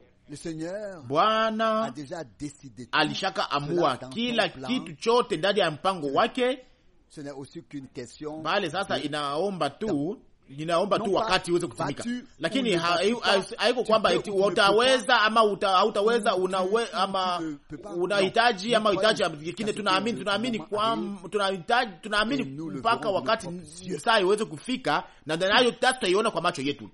Bwana alishaka amua kila kitu chote ndani ya mpango wake, bali sasa inaomba tu ninaomba tu wakati iweze kutumika, lakini haiko kwamba utaweza ama hautaweza, unahitaji ama hitaji vingine. Tunaamini, tunaamini, tunaamini mpaka wakati saa iweze kufika, na nayo tutaiona kwa macho yetu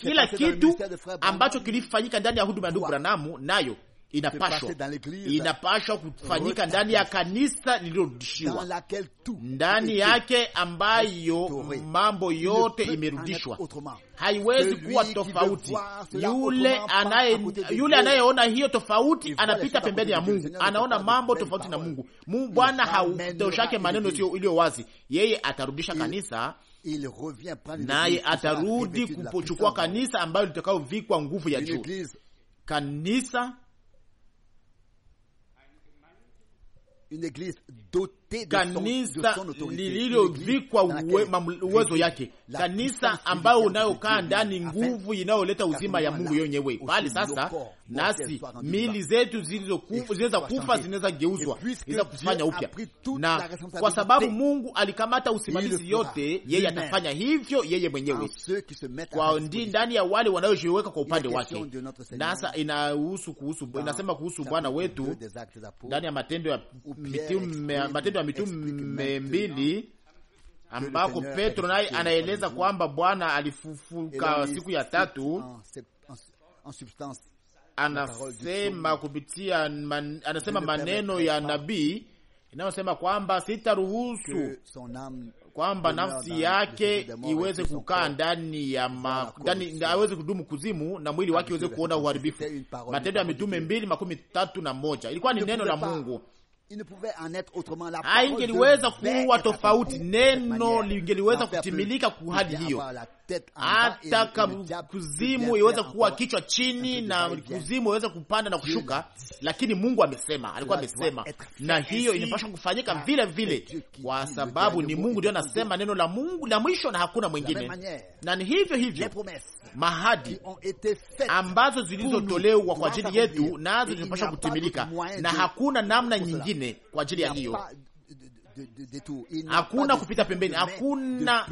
kila kitu ambacho kilifanyika ndani ya huduma ya ndugu Branamu nayo inapashwa inapashwa kufanyika ndani ya kanisa lililorudishiwa, ndani yake ambayo mambo yote imerudishwa. Haiwezi kuwa tofauti. Yule anaye yule anayeona hiyo tofauti anapita pembeni ya Mungu, anaona mambo tofauti na Mungu. Mungu Bwana hautoshake maneno iliyo wazi, yeye atarudisha kanisa naye atarudi kuchukua kanisa ambayo litakayovikwa nguvu ya juu. Kanisa une église d'autres. kanisa lililovikwa uwezo yake, kanisa ambayo unayokaa ndani nguvu inayoleta uzima ya Mungu yenyewe. Bali sasa nasi mili zetu zinaweza kufa, zinaweza geuzwa, zinaweza kufanya upya, na kwa sababu Mungu alikamata usimamizi yote, yeye atafanya hivyo yeye mwenyewe kwa ndi ndani ya wale wanayojiweka kwa upande wake. Nasa inahusu kuhusu, inasema kuhusu Bwana wetu ndani ya Matendo ya wa Mitume mbili ambako Petro naye anaeleza kwamba Bwana alifufuka siku ya tatu. Anasema kupitia man, anasema maneno ya nabii inayosema kwamba sitaruhusu kwamba nafsi yake iweze kukaa ndani ya ndani, aweze kudumu kuzimu na mwili ah, wake iweze kuona uharibifu. Matendo ya Mitume mbili makumi tatu na moja ilikuwa ni neno la Mungu haingeliweza ah, kuwa tofauti, neno lingeliweza kutimilika kwa hadi hiyo hata kuzimu iweze kuwa kichwa chini na kuzimu iweze kupanda na kushuka, lakini Mungu amesema, alikuwa amesema, na hiyo inapaswa kufanyika ah, vile vile, kwa sababu ni Mungu ndio anasema neno la Mungu la mwisho na hakuna mwingine. Na ni hivyo hivyo mahadi ambazo zilizotolewa kwa ajili yetu, nazo zinapaswa kutimilika, na hakuna namna nyingine kwa ajili ya hiyo hakuna kupita pembeni, hakuna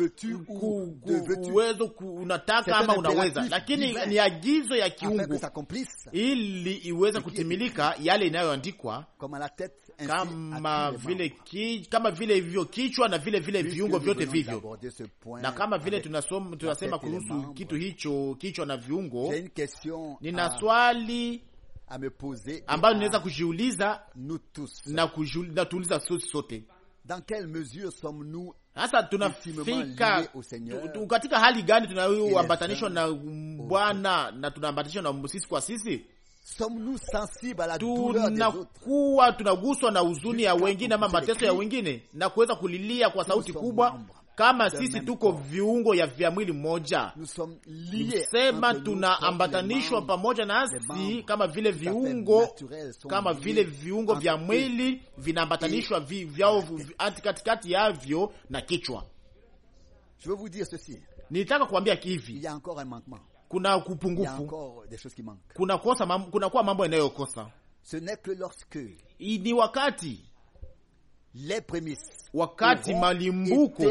uwezo unataka ama unaweza, lakini ni agizo ya kiungu ili iweze kutimilika yale inayoandikwa kama vile ki, kama vile hivyo kichwa na vile vile viungo vyote vivyo, na kama vile tunasoma tunasema kuhusu kitu hicho kichwa na viungo, nina swali ambayo ninaweza kujiuliza na kujiuliza, tuuliza sote sasa tunafika katika hali gani tunayoambatanishwa na Bwana na tunaambatanishwa na sisi kwa sisi? Tunakuwa tunaguswa na huzuni ya wengine ama mateso ya wengine na kuweza kulilia kwa sauti kubwa kama sisi tuko viungo ya vya mwili mmoja, sema tunaambatanishwa pamoja nasi kama vile viungo, kama vile viungo vya mwili vinaambatanishwa vi, vyao katikati yavyo na kichwa. Nilitaka kuambia hivi, kuna kupungufu, kuna kosa kuna kuwa mambo yanayokosa ni wakati wakati malimbuko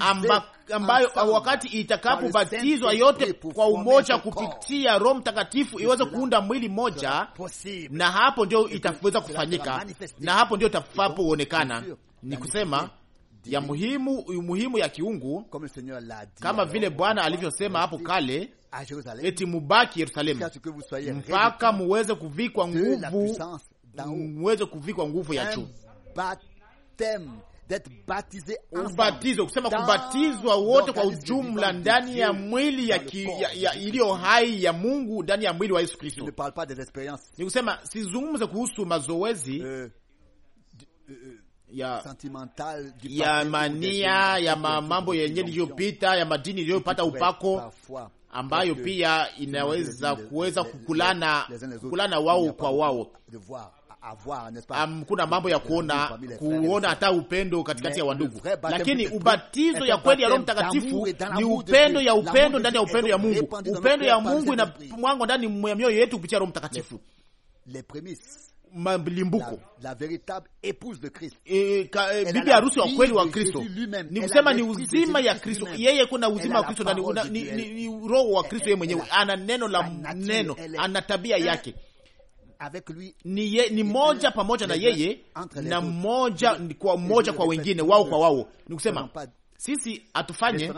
amba, ambayo wakati itakapobatizwa yote kwa umoja kupitia Roho Mtakatifu iweze kuunda mwili moja na hapo ndio itaweza kufanyika, na hapo ndio uonekana. Ni kusema ya muhimu, muhimu ya kiungu kama vile Bwana alivyosema hapo kale eti mubaki Yerusalemu mpaka muweze kuvikwa nguvu, muweze kuvikwa nguvu ya juu ubatizo, kusema kubatizwa wote kwa ujumla ndani ya mwili ya iliyo hai ya Mungu, ndani ya mwili wa Yesu Kristo. Ni kusema sizungumze kuhusu mazoezi eh. ya, ya mania ya mambo yenye iliyopita ya madini iliyopata upako ambayo pia inaweza kuweza kukulana kukulana wao kwa wao Um, kuna mambo ya kuona kuona hata upendo katikati ya wandugu, lakini ubatizo ya kweli ya Roho Mtakatifu ni upendo ya upendo ndani ya upendo ya Mungu. Upendo ya Mungu ina mwango ndani ya mioyo yetu kupitia Roho Mtakatifu la, de Christ. malimbuko eh, bibi harusi wa kweli wa Kristo ni kusema ni uzima ya Kristo. Yeye kuna uzima wa Kristo ndani, ni roho wa Kristo yeye mwenyewe. Ana neno la neno, ana tabia yake avec lui ni, ye, ni moja pamoja na yeye na moja kwa moja kwa wengine, wao kwa wao. Ni kusema sisi atufanye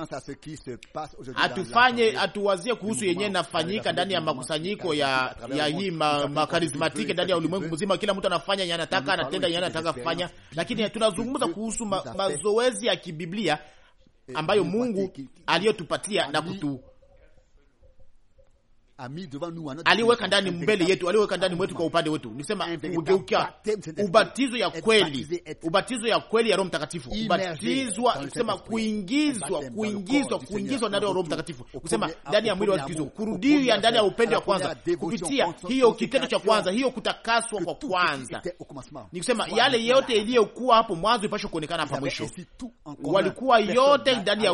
atufanye hatuwazie kuhusu yenyewe nafanyika ndani ya makusanyiko ya ya hii makarismatiki ndani ya ulimwengu mzima. Kila mtu anafanya yeye anataka, anatenda yeye anataka kufanya, lakini tunazungumza kuhusu mazoezi ya kibiblia ambayo Mungu aliyotupatia na kutu aliweka ndani mbele yetu, aliweka ndani mwetu, kwa upande wetu nisema ugeukia ubatizo ya kweli, ubatizo ya kweli ya Roho Mtakatifu, ubatizwa nisema kuingizwa, kuingizwa, kuingizwa ndani ya Roho Mtakatifu, kusema ndani ya mwili wa Kristo, kurudia ndani ya upendo wa kwanza, kupitia hiyo kitendo cha kwanza, hiyo kutakaswa kwa kwanza, nikusema yale yote iliyokuwa hapo mwanzo ipashwe kuonekana hapa mwisho, walikuwa yote ndani ya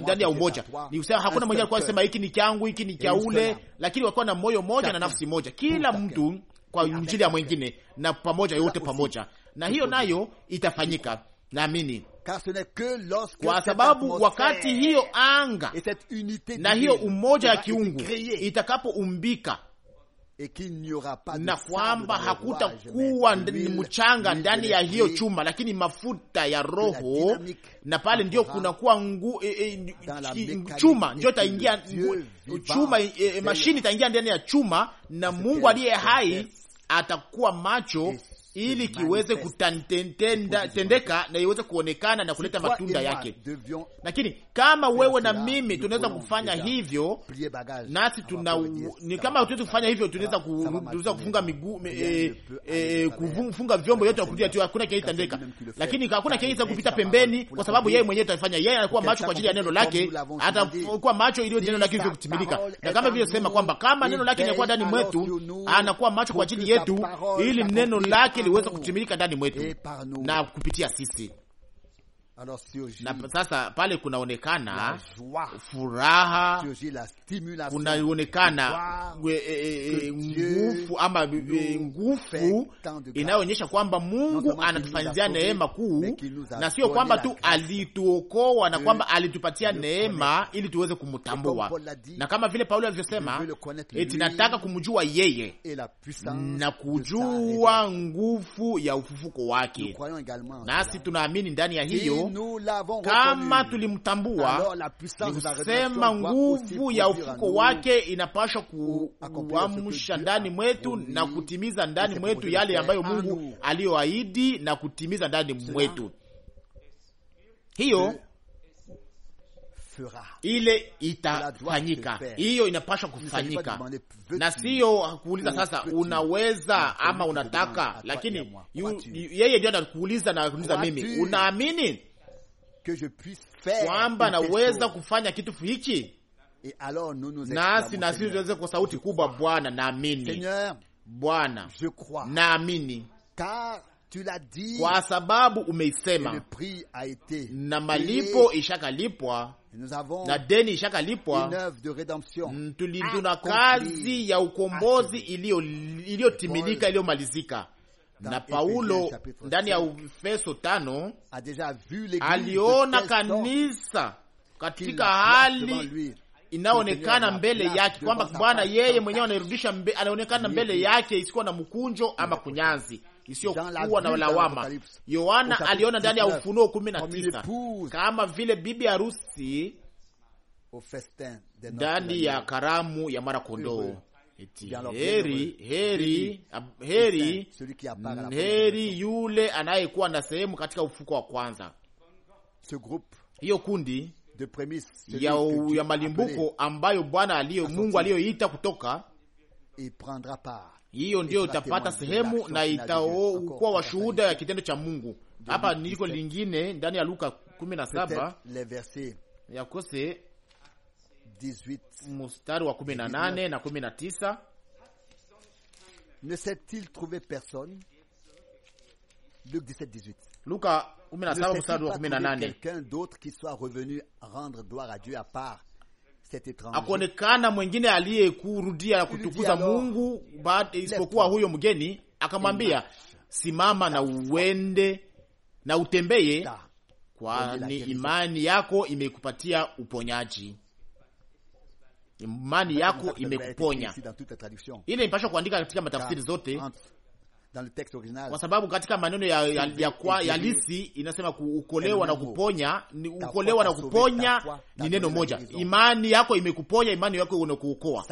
ndani ya umoja, nikusema hakuna mmoja alikuwa kusema hiki ni changu, hiki ni chau ule, lakini wakiwa na moyo moja na nafsi moja, kila mtu kwa ajili ya mwingine na pamoja, yote pamoja, na hiyo nayo itafanyika, naamini kwa sababu wakati hiyo anga na hiyo umoja ya kiungu itakapoumbika na kwamba hakutakuwa ni mchanga ndani ya hiyo chuma, lakini mafuta ya Roho, na pale ndio kunakuwa ngu, e, e, chuma ndio taingia chuma, e, e mashini itaingia ndani ya chuma, na Mungu aliye hai atakuwa macho ili kiweze kutendeka na iweze kuonekana na kuleta matunda yake, lakini kama wewe na mimi tunaweza kufanya hivyo, nasi tuna ni kama tuweze kufanya hivyo, tunaweza kuweza kufunga miguu e, e, kufunga vyombo yote ya kutia tu, hakuna kile kitandeka, lakini hakuna kile kupita pembeni, kwa sababu yeye mwenyewe atafanya. Yeye anakuwa macho kwa ajili ya neno lake, atakuwa macho ili neno lake liweze kutimilika, na kama vile sema kwamba kama neno lake linakuwa ndani mwetu, anakuwa macho kwa ajili yetu, ili neno lake liweze kutimilika ndani mwetu e, na kupitia sisi na sasa pale kunaonekana furaha, kunaonekana e, e, e, nguvu ama nguvu inayoonyesha kwamba Mungu anatufanyia neema kuu, na sio kwamba tu alituokoa na kwamba alitupatia neema ili tuweze kumtambua, na kama vile Paulo alivyosema, eti nataka kumjua yeye na kujua nguvu ya ufufuko wake. Nasi tunaamini ndani ya hiyo kama tulimtambua, nikusema nguvu ya ufuko wake inapashwa kuamsha ndani mwetu na kutimiza ndani mwetu yale ambayo Mungu aliyoahidi na kutimiza ndani mwetu hiyo ile itafanyika, hiyo inapashwa kufanyika, na siyo kuuliza sasa unaweza ama unataka, lakini yeye ndio anakuuliza na kuuliza mimi, unaamini kwamba naweza kufanya kitu hiki nasi nasi tuweze kwa sauti kubwa, Bwana naamini, Bwana naamini kwa sababu umeisema, na malipo ishakalipwa na deni ishakalipwa. Mm, tuna kazi ya ukombozi iliyotimilika iliyomalizika na Paulo ndani ya Efeso tano aliona kanisa katika hali inayoonekana mbele yake, kwamba Bwana yeye mwenyewe anarudisha mbe, anaonekana mbele yake isikuwa na mkunjo ama kunyanzi isiyokuwa na lawama. Yohana aliona ndani ya Ufunuo kumi na tisa kama vile bibi harusi ndani ya karamu ya mara kondoo Eti, heri heri heri mm, heri yule anayekuwa na sehemu katika ufuko wa kwanza. Hiyo kundi de premise, ya, ya malimbuko ambayo Bwana aliyo Mungu aliyoita kutoka hiyo ndiyo itapata sehemu na itakuwa washuhuda ya kitendo cha Mungu. Hapa niliko lingine ndani ya Luka 17 yakose mstari wa kumi na nane na kumi na tisa Luka kumi na saba mstari wa kumi na nane Akonekana mwengine aliyekurudia kutukuza Mungu isipokuwa huyo mgeni, akamwambia simama na uende na utembeye, kwani imani yako imekupatia uponyaji imani yako imekuponya. Ile impasha kuandika katika matafsiri zote, dans le texte original, kwa sababu katika maneno ya, ya, ya, kwa, ya lisi inasema kuokolewa na kuponya ni ukolewa na kuponya ni neno moja. Imani yako imekuponya, imani yako inakuokoa.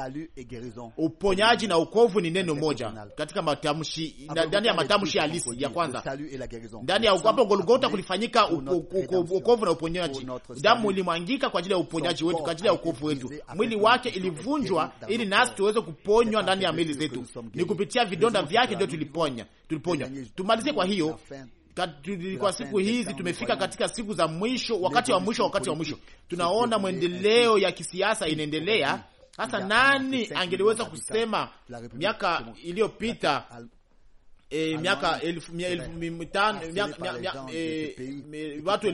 Uponyaji na ukovu ni neno moja katika matamshi, ndani ya matamshi ya lisi ya kwanza, ndani ya hapo Golgotha kulifanyika ukovu na uponyaji. Damu ilimwangika kwa ajili ya uponyaji wetu, kwa ajili ya ukovu wetu. Mwili wake ilivunjwa ili nasi tuweze kuponywa ndani ya mili zetu, ni kupitia vidonda vyake ndio tuliponywa tuliponya tuliponya. Tumalizie kwa hiyo kwa siku hizi tumefika katika siku za mwisho, wakati wa mwisho, wakati wa mwisho. Tunaona mwendeleo ya kisiasa inaendelea. Hasa nani angeliweza kusema miaka iliyopita miaka watu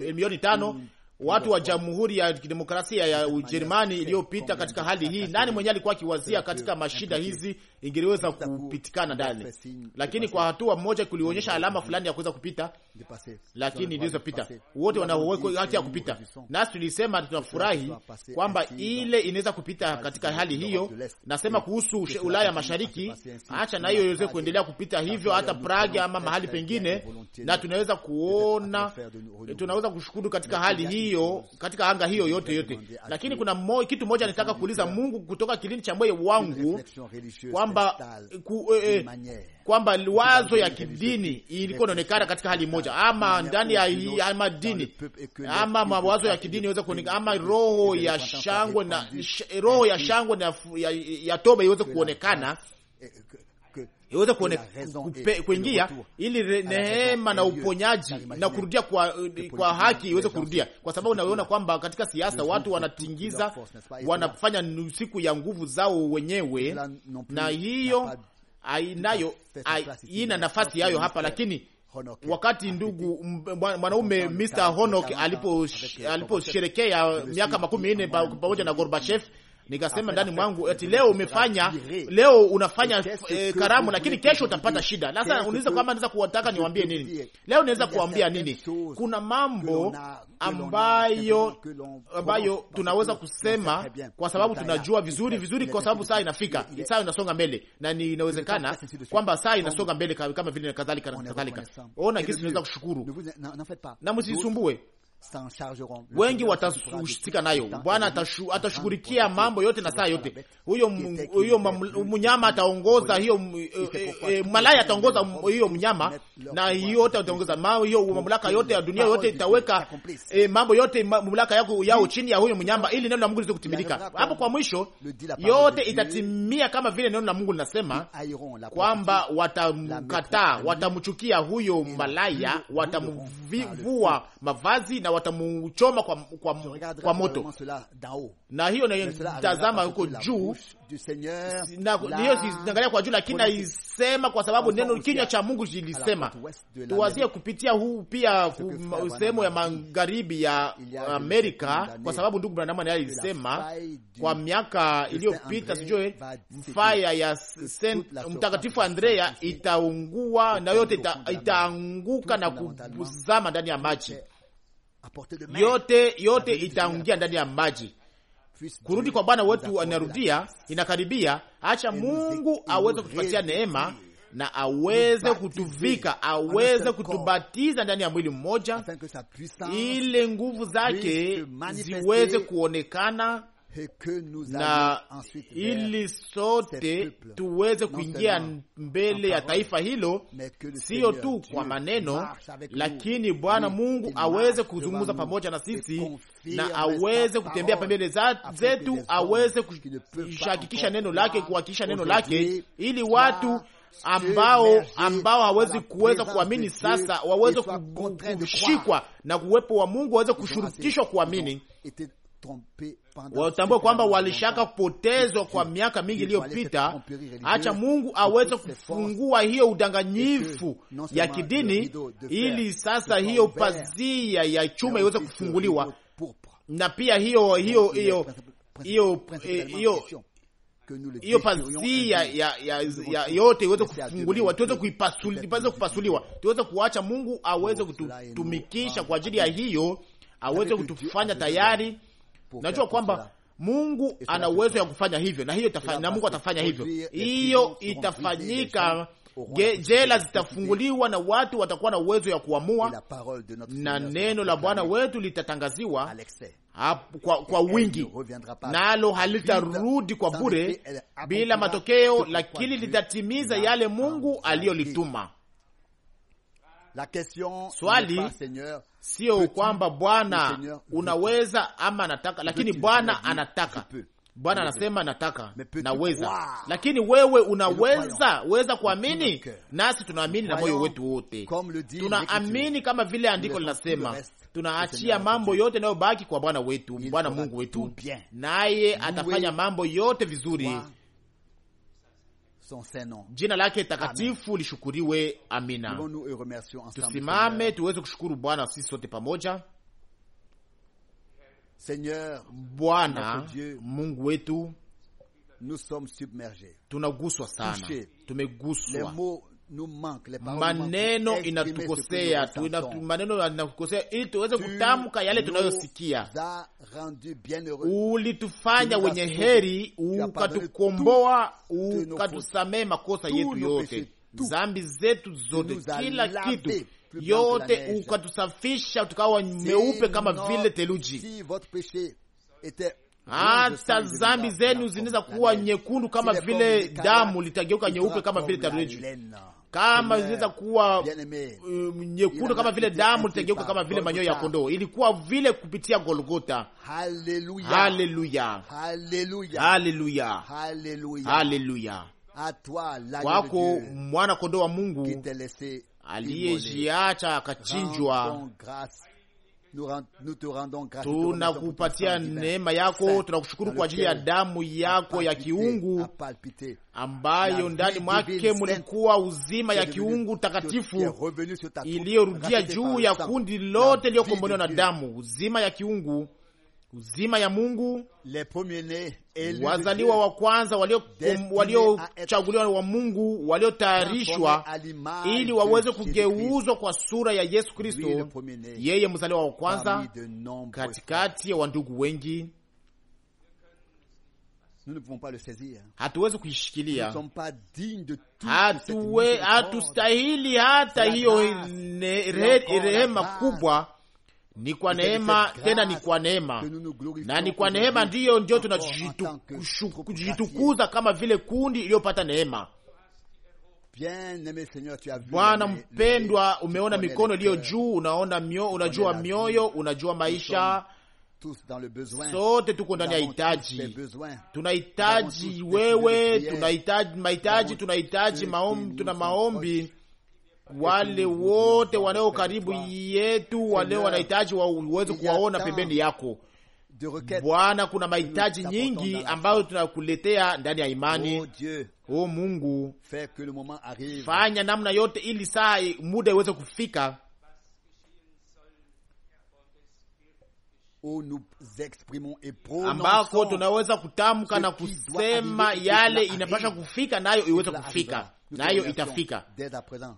milioni tano watu wa Jamhuri ya Kidemokrasia ya Ujerumani iliyopita katika hali hii, nani mwenyewe alikuwa akiwazia katika mashida hizi ingeliweza kupitikana ndani, lakini kwa hatua moja kulionyesha alama fulani ya kuweza kupita, lakini iliweza kupita wote wanawekwa hati ya kupita. Nasi tulisema tunafurahi kwamba ile inaweza kupita katika hali hiyo. Nasema kuhusu Ulaya ya Mashariki, acha na hiyo iweze kuendelea kupita hivyo, hata Prague ama mahali pengine, na tunaweza kuona, tunaweza kushukuru katika hali hiyo, katika anga hiyo yote yote. Lakini kuna mo, kitu moja nitaka kuuliza Mungu kutoka kilindi cha moyo wangu kwamba kwamba ku, eh, eh, kwamba wazo ya kidini ilikuwa inaonekana katika hali moja, ama ndani ya dini ama mawazo ya kidini iweze kuonekana, ama roho ya shangwe na roho ya shangwe na ya toba iweze kuonekana iweze kuingia, ili neema na uponyaji na kurudia kwa, uh, kwa haki iweze kurudia, kwa sababu naona kwamba katika siasa watu wanatingiza, wanafanya siku ya nguvu zao wenyewe, na hiyo ainayo ina nafasi yayo hapa lakini wakati ndugu mwanaume Mr Honok aliposherekea miaka makumi nne pamoja na Gorbachev nikasema ndani mwangu eti leo umefanya leo unafanya eh, karamu, lakini kesho utapata shida. Sasa unaweza kwamba naweza kuwataka niwaambie nini leo, naweza kuambia nini? Kuna mambo ambayo ambayo tunaweza kusema kwa sababu tunajua vizuri vizuri, kwa sababu saa inafika, saa inasonga mbele, na ni inawezekana kwamba saa inasonga mbele kama vile kadhalika na kadhalika. Ona kisi tunaweza kushukuru na msisumbue wengi watahusika nayo. Bwana atashughulikia mambo yote na saa yote. Huyo huyo mnyama ataongoza hiyo, malaya ataongoza hiyo mnyama, na hiyo yote ataongoza hiyo mamlaka yote ya dunia yote, itaweka mambo yote mamlaka yako yao chini ya huyo mnyama, ili neno la Mungu liweze kutimilika. Hapo kwa mwisho yote itatimia kama vile neno la Mungu linasema kwamba watamkataa, watamchukia huyo malaya, watamvua mavazi na na watamuchoma kwa, kwa, kwa moto. Na hiyo naitazama huko juu, hiyo siangalia kwa juu, lakini naisema kwa sababu neno kinywa cha Mungu jilisema. Tuwazie kupitia huu pia sehemu ya magharibi ya Amerika, kwa sababu ndugu Branham alisema kwa miaka iliyopita, sijue faya ya mtakatifu Andrea itaungua na yote itaanguka na kuzama ndani ya maji yote yote itaungia ndani ya maji. Kurudi kwa Bwana wetu anarudia, inakaribia. Acha Mungu aweze kutupatia neema na aweze kutuvika, aweze kutubatiza ndani ya mwili mmoja, ili nguvu zake ziweze kuonekana na ili sote tuweze kuingia mbele ya taifa hilo, siyo tu kwa maneno, lakini Bwana Mungu aweze kuzungumza pamoja na sisi na aweze kutembea pembele zetu, aweze kushakikisha neno lake, kuhakikisha neno lake ili watu ambao ambao hawezi kuweza kuamini sasa waweze kushikwa na uwepo wa Mungu waweze kushurutishwa kuamini watambue kwamba walishaka kupotezwa kwa miaka mingi iliyopita. Acha Mungu aweze kufungua hiyo udanganyifu ya kidini, ili sasa hiyo pazia ya chuma iweze kufunguliwa na pia hiyo hiyo hiyo hiyo eh, hiyo hiyo pazia ya, ya, ya yote iweze kufunguliwa, tuweze kupasuliwa, tuweze kuacha Mungu oh, aweze kututumikisha ah, kwa ajili ya hiyo, aweze kutufanya tayari Najua kwamba Mungu ana uwezo ya kufanya hivyo, na hiyo itafanya, na Mungu atafanya hivyo. Hiyo itafanyika. Jela zitafunguliwa na watu watakuwa na uwezo ya kuamua, na neno la Bwana wetu litatangaziwa kwa, kwa wingi, nalo halitarudi kwa bure bila matokeo, lakini litatimiza yale Mungu aliyolituma. Swali sio kwamba Bwana unaweza ama anataka lakini Bwana anataka. Bwana anasema nataka, naweza, lakini wewe unaweza weza kuamini? Nasi tunaamini na moyo wetu wote, tunaamini kama vile andiko linasema tunaachia mambo yote nayobaki kwa Bwana wetu, Bwana Mungu wetu, naye atafanya mambo yote vizuri Jina lake takatifu lishukuriwe. Amina. Tusimame tuweze kushukuru Bwana sisi sote pamoja. Seigneur, Bwana Mungu wetu, tunaguswa sana, tumeguswa maneno inatukosea tu, maneno inatukosea ili tuweze kutamka yale tunayosikia. Ulitufanya wenye heri, ukatukomboa, ukatusamee makosa yetu yote, zambi zetu zote, kila kitu yote, ukatusafisha tukawa meupe kama vile theluji. Hata zambi zenu zinaweza kuwa nyekundu kama vile damu, litageuka nyeupe kama vile theluji kama ziliweza kuwa um, nyekundu kama vile damu litageuka kama vile manyoya ya kondoo, ilikuwa vile kupitia Golgota. Haleluya, haleluya, haleluya! Kwako mwana kondoo wa Mungu aliyejiacha akachinjwa tunakupatia neema yako, tunakushukuru kwa ajili ya damu yako ya kiungu ambayo ndani mwake mulikuwa uzima ya kiungu takatifu iliyorudia juu ya kundi lote iliyokombolewa na damu, uzima ya kiungu, uzima ya Mungu wazaliwa wa kwanza waliochaguliwa wa Mungu waliotayarishwa ili waweze kugeuzwa kwa sura ya Yesu Kristo, yeye mzaliwa wa kwanza katikati ya wandugu wengi. Hatuwezi kuishikilia, hatustahili hata hiyo rehema kubwa ni kwa neema, tena ni kwa neema, na ni kwa neema ndiyo ndio tunajitukuza kama vile kundi iliyopata neema. Bwana mpendwa, umeona mikono iliyo juu, unaona mio, unajua mioyo, unajua maisha sote tuko ndani ya hitaji, tunahitaji wewe, tunahitaji mahitaji, tunahitaji maombi, tuna maombi wale wote walio karibu yetu, wale wanahitaji waweze kuwaona pembeni yako Bwana. Kuna mahitaji nyingi ambayo tunakuletea ndani ya oh imani. O Mungu, fanya namna yote ili saa muda iweze kufika Oh, ambako tunaweza kutamka na kusema yale inapasha kufika, nayo iweze kufika, nayo itafika.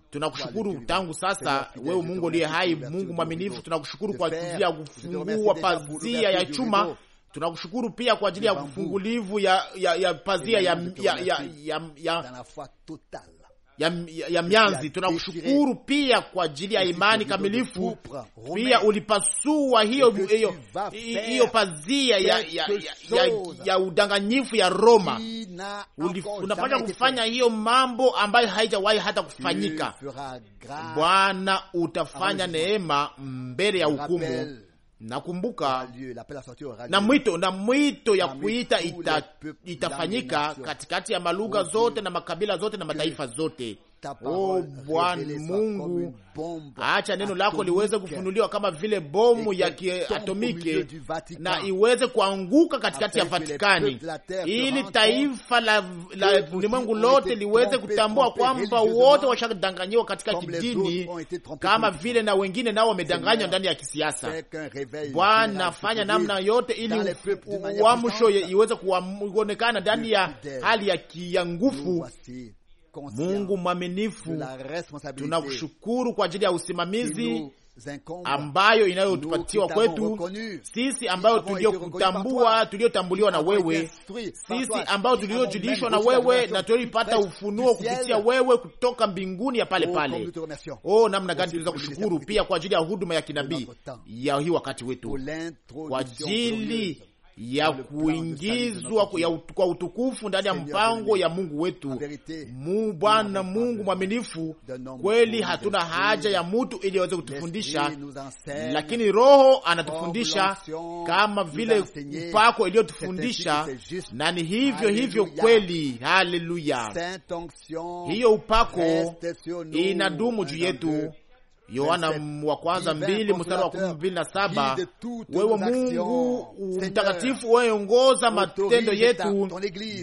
Tunakushukuru tangu sasa, wewe Mungu uliye hai, Mungu mwaminifu, tunakushukuru kwa ajili ya kufungua pazia ya chuma tunakushukuru pia kwa ajili ya kufungulivu ya, ya, ya pazia eh ya, ya, ya, ya, ya, ya ya, ya mianzi. Tunakushukuru pia kwa ajili ya imani kamilifu, pia ulipasua hiyo hiyo hiyo pazia ya, ya, ya, ya udanganyifu ya Roma. Unapasha kufanya hiyo mambo ambayo haijawahi hata kufanyika. Bwana, utafanya neema mbele ya hukumu Nakumbuka ah, na mwito na mwito ya kuita ita, itafanyika katikati ya malugha zote na makabila zote na mataifa zote O oh, Bwana Mungu, acha neno lako liweze kufunuliwa kama vile bomu ya kiatomike na iweze kuanguka katikati ya Vatikani, ili taifa la ulimwengu lote liweze kutambua kwamba wote washadanganyiwa katika kidini, kama vile na wengine nao wamedanganywa ndani ya kisiasa. Bwana, fanya namna yote ili uamsho iweze kuonekana ndani ya hali ya nguvu Mungu mwaminifu, tunakushukuru kwa ajili ya usimamizi ambayo inayotupatiwa kwetu sisi, ambayo tuliokutambua tuliotambuliwa na wewe, sisi ambayo tuliyojulishwa na wewe na tulioipata ufunuo kupitia wewe kutoka mbinguni ya pale pale. Oh, namna gani tunaweza kushukuru pia kwa ajili ya huduma ya kinabii ya hii wakati wetu kwa ajili ya kuingizwa kwa utukufu ndani ya mpango ya Mungu wetu. Mu Bwana Mungu mwaminifu, kweli hatuna haja ya mutu ili aweze kutufundisha, lakini Roho anatufundisha kama vile upako iliyotufundisha, na ni hivyo hivyo kweli. Haleluya! Hiyo upako inadumu juu yetu Yohana wa kwanza mbili mstari wa kumi mbili na saba wewe Mungu uh, mtakatifu wayeongoza matendo yetu,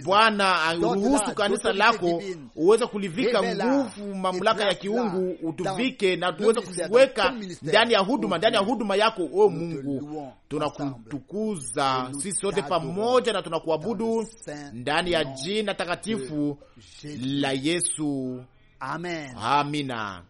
Bwana uh, aruhusu kanisa lako uweze kulivika nguvu, mamlaka ya kiungu, utuvike na tuweze kuweka ndani ya huduma, ndani ya huduma yako. O Mungu, tunakutukuza sisi sote pamoja na tunakuabudu ndani ya jina takatifu la Yesu. Amina.